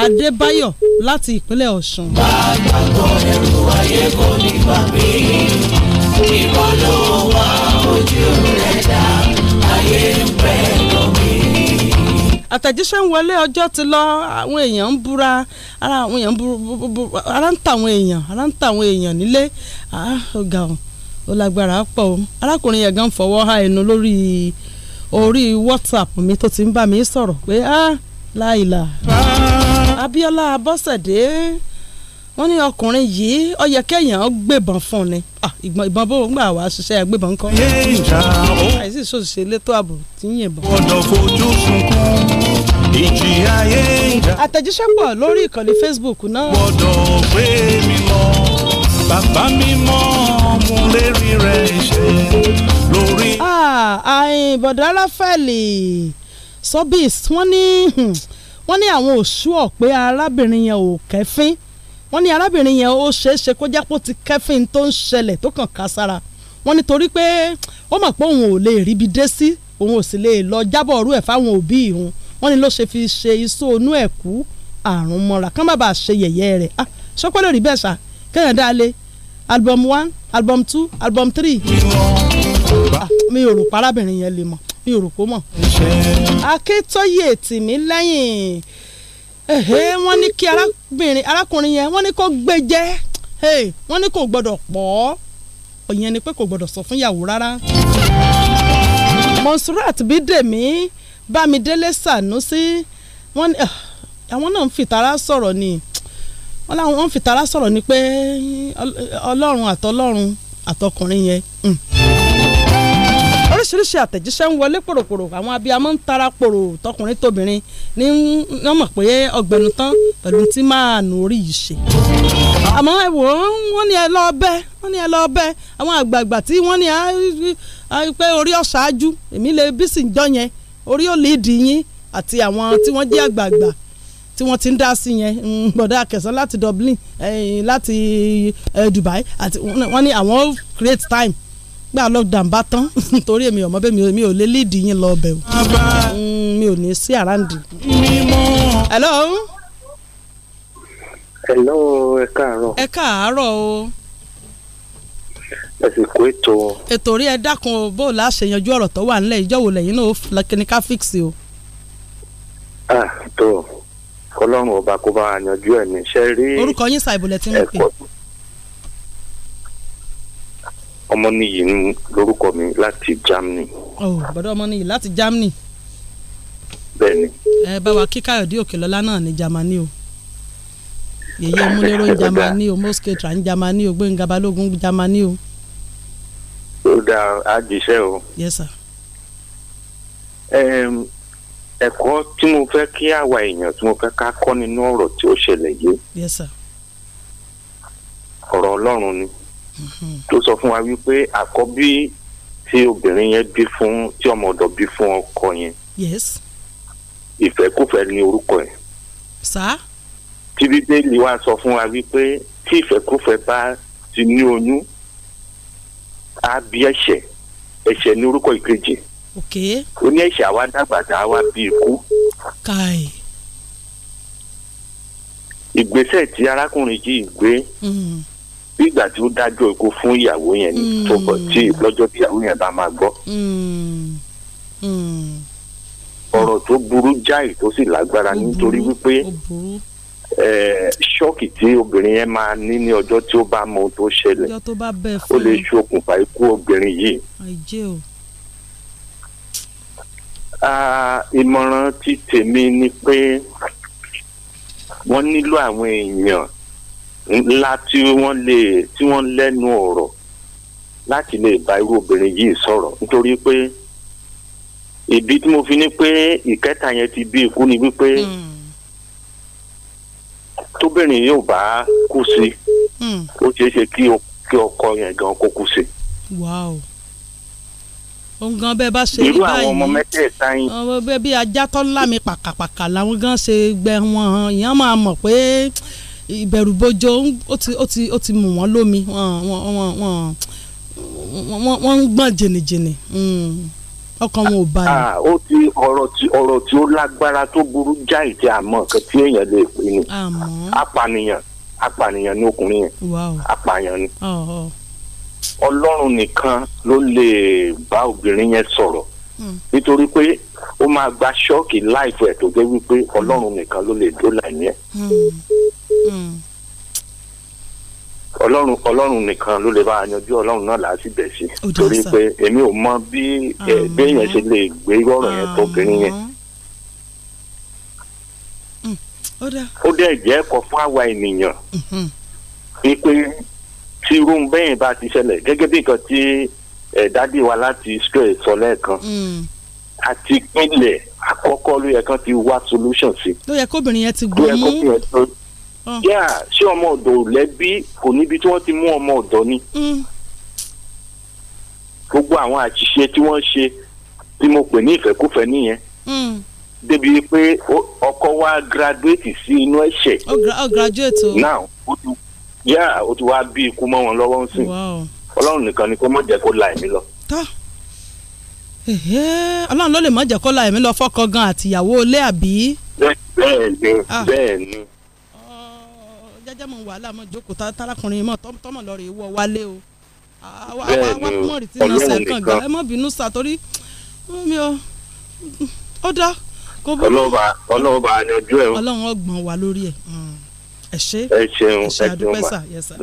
adébáyọ̀ láti ìpínlẹ̀ ọ̀ṣun. bá a gbàgbọ́ ẹrù ayé kò ní bàbí. ìwọ ló wà ojú rẹ̀ dá ayé ń pẹ́ lómi. àtẹ̀jíṣẹ́ ń wọlé ọjọ́ ti lọ àwọn èèyàn ń búra ara àwọn èèyàn ń bú ara ń tàwọn èèyàn ara ń tàwọn èèyàn nílé ọ̀gá ah, ọ̀ ó lágbára pọ̀ o arákùnrin yẹn gan fọwọ́ ha ẹnu lórí orí WhatsApp mi tó ti ń bá mi sọ̀rọ̀ pé ah láìla Abíọ́lá Abọ́sẹ̀dé wọ́n ní ọkùnrin yìí ó yẹ kéèyàn fún ni ah, ìgbọ̀n ìbọn bó ń gbà wá ṣiṣẹ́ gbébọn kọ́. àìsí ìṣòṣìṣẹ́ elétò ààbò ti ń yìnbọn. ọ̀dọ̀ fojú sunkún ìjì ayé ìjà. àtẹ̀jíṣẹ́ pọ̀ lórí ìkànnì Facebook náà. gbọ́dọ̀ gbé mi lọ bàbá mi mọ́ ọmú lérí rẹ̀ ṣe lórí. Ah, àyìn bọ̀dọ̀ ráfẹ́lì sọ́bìs wọ́n ní hmm, wọ́n ní àwọn òṣù ọ̀pẹ arábìnrin yẹn ò kẹ́fín wọ́n ní arábìnrin yẹn ó ṣeé ṣe kó jẹ́ pé ó ti kẹ́fìn tó ń ṣẹlẹ̀ tó kàn ká sára wọ́n ní torí pé ó mọ̀ pé òun ò lè ríbi dé sí òun ò sì lè lọ jábọ̀ ọ̀rú ẹ̀ fáwọn òbí òun wọ́n ní ló ṣe fi ṣe iṣó inú ẹ̀ kú àrùn mọ́ra kán má bàa ṣe yẹ̀yẹ́ rẹ̀ ah ṣọ́pẹ́ lórí bẹ́ẹ̀ ṣá kéèyàn dá lé album one album two album three ah, mi ò rò parábìnrin yẹn lè mọ̀ mi ò rò kó mọ̀. Akíntóyè tìmí lẹ́yìn wọ́n ní kí arábìnrin arákùnrin yẹn wọ́n ní kó gbé jẹ́ wọ́n ní kò gbọ́dọ̀ pọ̀ ọ̀yẹn ni pé kò gbọ́dọ̀ sọ fún ìyàwó rárá. Monsurat Bídèmí Bámidélé Sànúsí wọ́n ní ah, àwọn náà ń fìtara sọ̀rọ̀ ni wọ́n láwọn ń fìtara sọ̀rọ̀ ni pé ọlọ́run àtọlọ́run àtọkùnrin yẹn. Hmm oríṣiríṣi àtẹ̀jíṣẹ́ ń wọlé pòròpòrò àwọn abiyamọ ń tara pòrò tọkùnrin tóbìnrin ní wọ́n mọ̀ pé ọgbẹ̀nu tán pẹ̀lú tí máa nù orí yìí ṣe. àmọ́ ẹ wò wọ́n ní ẹ lọ bẹ́ wọ́n ní ẹ lọ bẹ́ àwọn àgbààgbà tí wọ́n ní pé orí ọ̀ṣáájú èmi lè bí sì ń jọ yẹn orí ò lè dì yín àti àwọn tí wọ́n jẹ́ àgbààgbà tí wọ́n ti ń dá sí yẹn bọ̀dá akẹ̀sán láti Dublin eh, láti eh, Dubai àti wọ́n ní àwọn create time gbà lockdown bá tán torí èmi ọmọ bẹ́ẹ̀ mi ò lè lídìí yín lọ bẹ̀ o mm, mi ò ní sí àràǹdì. hello. hello ẹ káàárọ̀. ẹ káàárọ̀ o. ẹ sì kó ètò. ètò orí ẹ dákun o bó o la ṣe yanjú ọ̀rọ̀ tó wà nílẹ̀ ìjọ wo lẹ́yìn náà kí ni ká fíìsì o. ah tó ọlọ́run ọba kó bá a yanjú ẹ̀ ní sẹ́rí. orúkọ yín ṣàìbùlẹ̀ tí mo pè é ọmọnìyí ni lórúkọ mi láti Germany. ọ bọ̀dọ̀ ọmọnìyí láti Germany. bẹ́ẹ̀ni. ẹ bá wa kí Káyọ̀dé Òkèlọ́lá náà ní Germany o yèyé múlẹ́rọ̀ ń Germany o mosketra ń Germany o Gbénga Balógun ń Germany o. ó dáa á jíṣẹ́ o. yes sir. ẹ̀kọ́ tí mo fẹ́ kí àwa èèyàn tí mo fẹ́ ká kọ́ nínú ọ̀rọ̀ tí ó ṣẹlẹ̀ yìí. yes sir. ọ̀rọ̀ Ọlọ́run ni tó sọ fún wa wípé àkọ́bí tí obìnrin yẹn bí fún tí ọmọ ọ̀dọ̀ bí fún ọkọ yẹn ìfẹ́kùfẹ́ ni orúkọ ẹ̀. sá. tí bíbélì wa sọ fún wa wípé tí ìfẹ́kùfẹ́ bá ti ní oyún á bí ẹ̀ṣẹ̀ ẹ̀ṣẹ̀ ní orúkọ ìkejì. ok. ó ní ẹ̀ṣẹ̀ àwa dàgbà tá a wá bí ikú. ìgbésẹ̀ tí arákùnrin yìí gbé mm bí ìgbà tí ó dájọ́ ikú fún ìyàwó yẹn ni tó bọ̀ hmm. tí lọ́jọ́ tí ìyàwó yẹn bá máa gbọ́. Hmm. Hmm. ọ̀rọ̀ tó burú jáì tó sì lágbára nítorí wípé ṣọ́ọ̀kì tí obìnrin yẹn máa ní ní ọjọ́ tí ó bá mọ ohun tó ṣẹlẹ̀ ó lè ṣokùnfà ikú obìnrin yìí. ìmọ̀ràn ti tèmi ni pé wọ́n nílò àwọn èèyàn ńlá tí wọ́n lè tí wọ́n lẹ́nu ọ̀rọ̀ láti lè bá irú obìnrin yìí sọ̀rọ̀ nítorí pé ìdí tí mo fi ní pé ìkẹta yẹn ti bí ikú ni wípé tóbìnrin yóò bá kú sí hmm. ó ṣeé ṣe kí ọkọ yẹn gan kó kú sí. òun gan bá ṣe rí báyìí ọmọ bẹ́ẹ̀ bí ajá tó lámì pàkàpàkà làwọn gan ṣe gbẹ wọn ìyẹn máa mọ̀ pé ìbẹ̀rùbojo ó ti mú wọn lómi wọ́n ń gbọ̀n jìnnìjìnnì hmm. ọkàn wọn ò balẹ̀. Ah, ó ti ọ̀rọ̀ tí ọ̀rọ̀ tí ó lágbára tó burú jáì tí a mọ̀ tí èèyàn lè pè ní apànìyàn apànìyàn ní ọkùnrin yẹn apànìyàn ni ọlọ́run nìkan ló lè bá obìnrin yẹn sọ̀rọ̀ nítorí pé ó máa gba ṣọ́ọ̀kì láìpẹ́ tó jẹ́ wípé ọlọ́run nìkan ló lè dóòlà ẹ̀mí ẹ̀ ọlọ́run ọlọ́run nìkan ló lè bá a yanjú ọlọ́run náà là á sì bẹ̀ sí torí pé èmi ò mọ bí ẹgbẹ́yàn ṣe lè gbé ọ̀rọ̀ yẹn tó obìnrin yẹn. ó dẹ̀ jẹ́ ẹ̀kọ́ fún àwa ènìyàn wípé tí irú bẹ́ẹ̀ bá ti ṣẹlẹ̀ gẹ́gẹ́ bí nǹkan tí ẹ̀ eh, dádì wa láti Israel sọ lẹ́ẹ̀kan hmm. àti ìpínlẹ̀ àkọ́kọ́ ló yẹ kán ti wá solution sí. ló yẹ kóbìnrin yẹn ti gbọ́ mú yà ṣé ọmọ ọ̀dọ̀ ò lẹ́bí kò níbi tí wọ́n ti mú ọmọ ọ̀dọ̀ ni. Hmm. gbogbo àwọn àṣìṣe tí wọ́n ṣe tí mo pè ní ìfẹ́kúfẹ́ nìyẹn hmm. débi pé ọkọ wa graduate sí inú ẹ̀ṣẹ̀. ó graduate o. now ó ti yá ó ti wá bí ikú mọ́ wọn lọ́wọ́ ń sìn ọlọ́run nìkan ni kó mọ̀ jẹ́ kó la ẹ̀mí lọ. tọ́ ọlọ́run ló lè mọ̀ jẹ́ kó la ẹ̀mí lọ fọ́kọ gan àtìyàwó ilé àbí. bẹ́ẹ̀ ni bẹ́ẹ̀ ni. Ah. jẹ́jẹ́ mo wàhálà mo jókòó tálákùnrin mọ́ tọ́mọ̀ lọ́ọ́ rẹ̀ wọ wálé o àwa àwa mọ̀ rí ẹ mọ̀ bínú sá torí mi ò ó dá kó ọlọ́ba ọlọ́ba àyànjú ẹ̀. ọlọ́run ọgbọ̀n wà lórí ẹ̀ ẹ ṣé ẹ ṣe àdúpẹ́ sà yẹ sà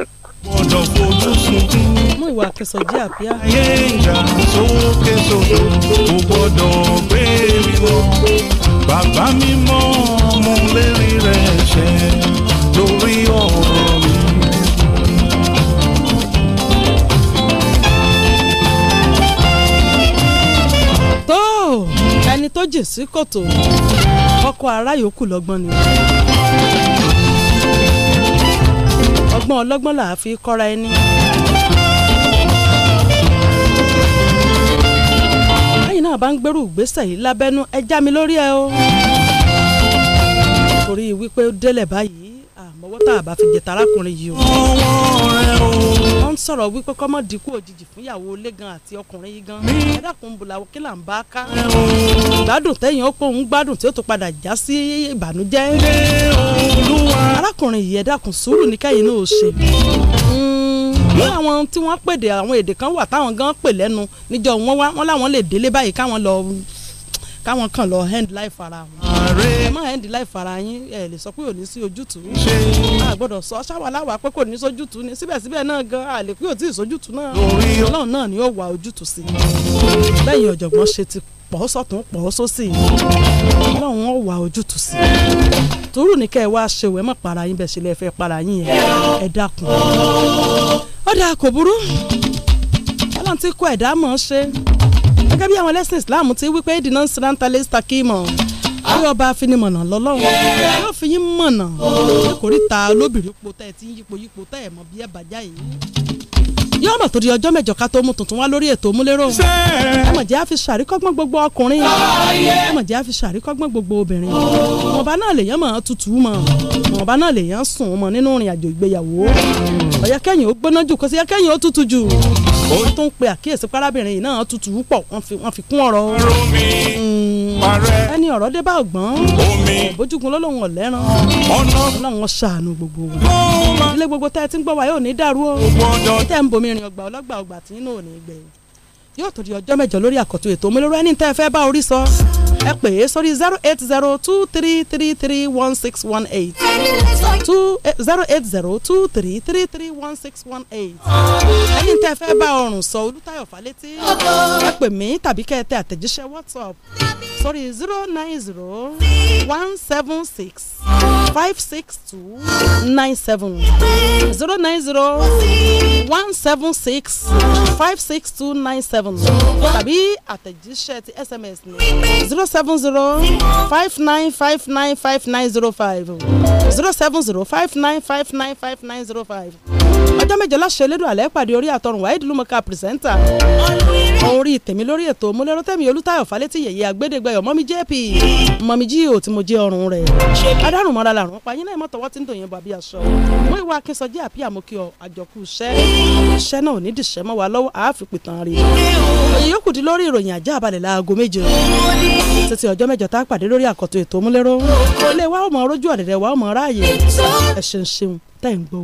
mú ìwà àkẹsọ̀jẹ́ àpíá. ayé ìjà sókè sódò kò gbọ́dọ̀ gbé wíwó bàbá mi mọ́ ọmọ lérí rẹ̀ ṣẹ́ lórí ọ̀rọ̀ mi. tó ẹni tó jìn sí kòtò ọkọ̀ ará lọ́gbọ́n ni. ọgbọ́n ọlọ́gbọ́n là á fi kọ́ra ẹni. báyìí náà bá ń gbèrú ìgbésẹ̀ yìí lábẹ́nú ẹ já mi lórí ẹ o. torí wípé ó délẹ̀ báyìí àmọ́wọ́ tá a bá fi jẹ tarákùnrin yìí o. ọwọ́ rẹ o ń sọ̀rọ̀ wípé kọ́mọ́ dínkù òjijì fún ìyàwó ilé gan àti ọkùnrin yìí gan ẹ dákun bùlà kí là ń bá ká ìgbádùn tẹ́yìn ó pé gbádùn tí ó tó padà já sí ìbànújẹ́ arákùnrin yìí ẹ sùúrù ní kẹ́yìn náà ó ṣe hmm. ní àwọn tí wọ́n pèdè àwọn èdè kan wà táwọn gan pè lẹ́nu níjọ́ wọn wá wọn láwọn lè délé báyìí káwọn lọ káwọn kàn lọ end life ara wọn ẹ má end life ara yín ẹ lè sọ pé ò ní sí ojútùú a gbọ́dọ̀ sọ ṣáwàláwà pé kò ní sójútùú ni síbẹ̀síbẹ̀ náà gan a lè pé ò tí ì sójútùú náà ọlọ́run náà ni ó wà ojútùú sí lẹ́yìn ọ̀jọ̀gbọ́n ṣe ti pọ̀ sọ̀tún pọ̀ sósì ọlọ́run ó wà ojútùú sí tòrú ní kẹ́ ẹ wá ṣe òwe mọ̀ para yín bẹ́ẹ̀ ṣe lè fẹ́ para yín yẹn ẹ dákun ó dáa kò burú ọlọ́run ti kó ẹ̀dá mọ̀ ṣe gẹ́gẹ́ bí àwọn ẹlẹ́sìn Islam ti wí pé dìnnà sinanta bí ọba afinimọ̀nà lọ́lọ́run yóò fi yín mọ̀nà ṣé kò rí ta lóbìnrin ipò tẹ́ ẹ ti ń yípo yípo tẹ́ ẹ mọ̀ bí ẹ bàjá yìí yóò mọ̀ tó di ọjọ́ mẹ́jọ ká tó mú tuntun wá lórí ètò múlẹ́rọ̀ ọmọ jẹ́ àfi ṣàríkọ́gbọ́n gbogbo ọkùnrin ọmọ jẹ́ àfi ṣàríkọ́gbọ́n gbogbo obìnrin ọmọba náà lèyàn mọ̀ tutù mọ̀ ọmọba náà lèyàn sùn mọ̀ nínú ìrìn àjò ìgbéyàwó ọ̀yẹ́ kẹ́yìn ó gbóná jù kó sì yẹ kẹ́yìn ó tutù jù wọ́n tó pe àkíyèsí párábìnrin yìí náà tutù pọ̀ wọ́n fi kún ọ̀rọ̀ parẹ́. ẹni ọ̀rọ̀ dé bá ọ̀gbọ́n bójúkun lọ́lọ́hún ọ̀lẹ́ran ọlọ́run ṣàánú gbogbo ilé gbogbo tẹ́ ẹ ti ń gbọ́ wa yóò ní dàrú o tẹ́ ń bomi ọgbà ọlọ́gbà ọgbà tí inú ò ní gbẹ yóò tó ọjọ́ mẹ́jọ lórí àkọ́tún ètò omi ẹni tẹ́ ẹ fẹ́ bá orí sọ ẹ pè é sórí zero eight zero two three three three one six one eight eh, zero eight zero two three three three one six one eight ẹni tẹ́ ẹ bá ọrùn sọ Olútáyọ̀ Fálétí ẹ pè mí tàbí kẹ́ ẹ tẹ àtẹ̀jíṣẹ́ WhatsApp sorry zero nine zero one seven six five six two nine seven zero nine zero one seven six five six two nine seven tàbí àtẹ̀jíṣẹ́ ti sms ní zero seven zero five nine five nine five nine zero five zero seven zero five nine five nine five nine zero five ọjọ́ méje láṣẹ elédùn àlẹ́ pàdé orí àtọrùn wáyé ìdílùmọ̀ká pírẹsẹ́ńtà òun rí tèmi lórí ètò múlẹ́rọ́tẹ́mi olútayọ̀ falẹ́tì yẹ̀yẹ́ àgbédègbè Fọláṣayọ̀ mọ́mí JP mọ́mí jí ò tí mo jẹ́ ọrùn rẹ̀ adárùn mọ́ra làrùn pa yín náà mọ́ tọwọ́ tí ń dùn bàbí aṣọ wọ́n ìwà akínsọjí àbí àmókè àjọkù iṣẹ́ iṣẹ́ náà ò ní dìṣẹ́ mọ́ wa lọ́wọ́ àáfin pìtàn rè ìyókù di lórí ìròyìn àjá àbálẹ̀ láago méje títí ọjọ́ mẹ́jọ tá a pàdé lórí àkọ́tọ̀ ètò múlẹ́rọ́ ilé wa ò mọ rójú ọ̀dẹ̀dẹ̀ wa ò mọ ráàyè ẹ̀ ṣeun ṣeun tẹ́ ń o.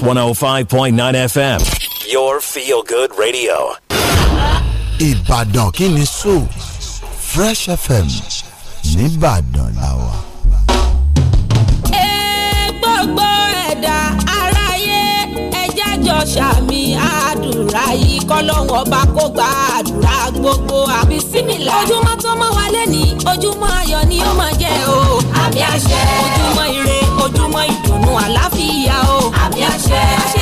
105.9 FM. Your feel good radio. Ìbàdàn kí ni so Fresh FM nìbàdàn la wà. Ẹ gbogbo ẹ̀dá aráyé ẹjẹ́ jọ ṣàmì àdúrà yìí kọ́lọ́hún ọba kó gba àdúrà gbogbo àbí símìlà. Ojúmọ́ tó mọ́ wa lẹ́ni ojúmọ́ ayọ̀ ni ó máa jẹ́ o. Àmì àṣẹ. Ojúmọ́ ire ojúmọ́ ìdùnnú àlàáfíà. yeah.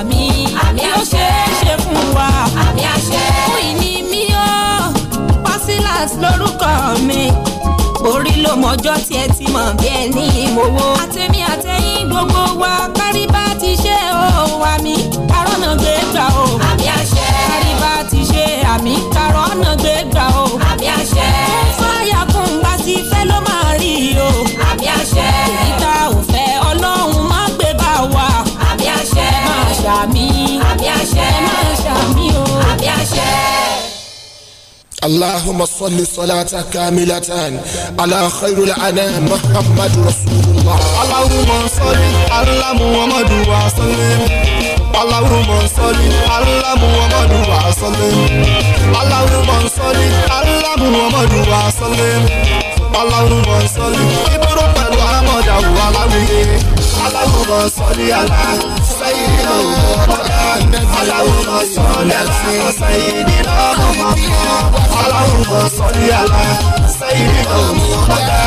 àmì àmì àṣẹ ṣe fún wa àmì àṣẹ fún ìní mi ó Pasilat lórúkọ mi orí ló mọjọ́ tí ẹ ti mọ̀ bí ẹ ní ìmọ̀wó àtẹ̀mí àtẹ̀yìn gbogbo wa kárí bá ti ṣe o àmì karọ́nà gbé gbà o àmì àṣẹ kárí bá ti ṣe àmì karọ́nà gbé gbà o àmì àṣẹ fún fáyà fún bá ti fẹ́ ló máa rí o. àṣẹ máa ṣàmì o àmì àṣẹ. اللهم صل صلاة كاملة على خير الأنام محمد رسول الله اللهم صل على محمد وسلم اللهم صل على محمد وسلم اللهم صل على محمد وسلم اللهم صل إبرو pẹ̀lú amọ̀dà wà láwùyé اللهم صل على sayidina ọmọkọdà aláwùmọ sọlẹ la sayidina ọmọkọdà aláwùmọ sọlẹ la sayidina ọmọkọdà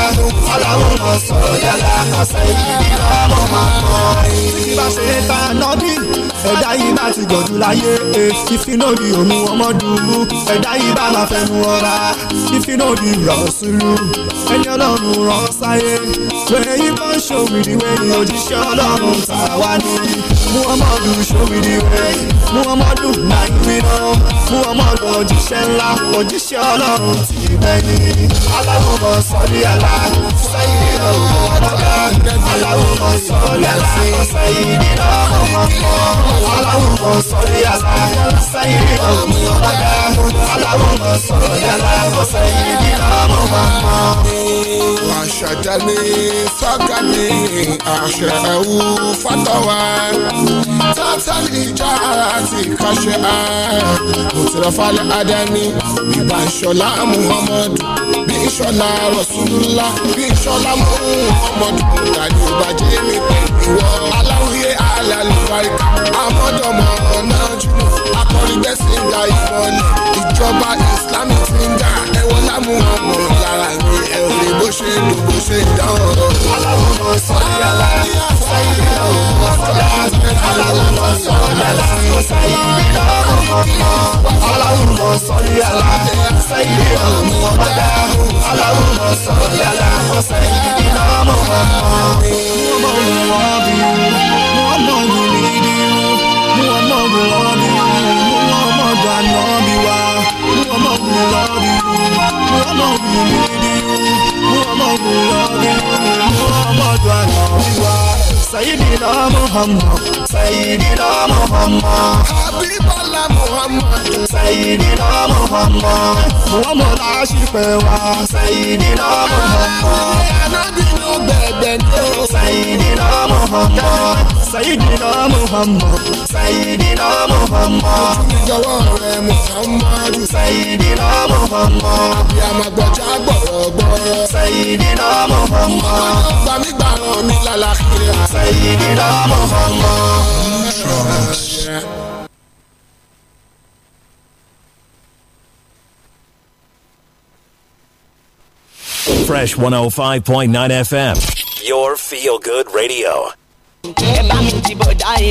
aláwùmọ sọlẹ la sayidina ọmọkọdà. bí bá ṣe ta nọ́bì ẹ̀dá yìí bá ti gbọ̀dú láyé fífínòdì òmu ọmọdùnmú ẹ̀dá yìí bá máa fẹnu ọ̀ra fífínòdì rọ̀ṣùlù ẹni ọlọ́run rán sáyé wẹ̀yìn bá ń ṣòwìrì wẹ̀yìn òjíṣẹ́ ọlọ́run tàwa ni muhammadu show me the way muhammadu light me now muhammadu òjíṣẹ́ ńlá òjíṣẹ́ ọlọ́run ti bẹ́ni aláwọ̀ sọ́ni àlá sẹ́yìn ọ̀hún ọ̀dọ́gá aláwọ̀ sọ́ni àlá sẹ́yìn ọ̀hún ọ̀dọ́gá aláwọ̀ sọ́ni àlá sẹ́yìn ọ̀hún ọ̀dọ́gá aláwọ̀ sọ́ni àlá sẹ́yìn ọ̀hún ọ̀dọ́gá. شجن سكن أشرع فتوى تاتلي جاتي كشعة مترف الأدمي ببنشلا محمد بإنشلا رسول الله بإنشلا محمد تاني بجيمي wọ. aláwòye alàlùfáìkà amọ́dọ̀mọ́ ọ̀nà jùlọ akọringbẹ́sìn gba ìfọ̀nì ìjọba ìsìlámì ti ń dà ẹ̀wọ̀n lámú ọmọ yàrá mi ẹ̀rù ni bó ṣe ń lò bó ṣe ń dán. aláwòye sọ̀rọ̀ yàrá sẹ́yìn lọ́wọ́ sọ̀rọ̀ aláwọ̀ lọ sọ yàrá sẹ́yìn nígbà kọ̀ọ̀kan aláwọ̀ lọ sọ yàrá sẹ́yìn ọ̀hún ọ̀dà aláwọ̀ lọ sọ yàrá sẹ́yìn nígbà kọ̀ọ̀kan. Muhammadu Lord, Muhammadu Lord, Muhammadu Lord. Sayyidina Muhammad Sayyidina Muhammad Habibala Muhammad Sayyidina Muhammad Muhammad aṣípẹ́ wa Sayyidina Muhammad gbẹ̀gbẹ̀ ní o. Sayidina Muhammad. Sayidina Muhammad. Sayidina Muhammad. Jọ̀wọ́ rẹ̀ Muhammad. Sayidina Muhammad. Yàmàgbọ̀jà gbọ̀rọ̀ gbọ́. Sayidina Muhammad. Gbàmígbàràn mi lálàkìlẹ̀. Sayidina Muhammad. trust? Fresh 105.9 FM, your feel good radio.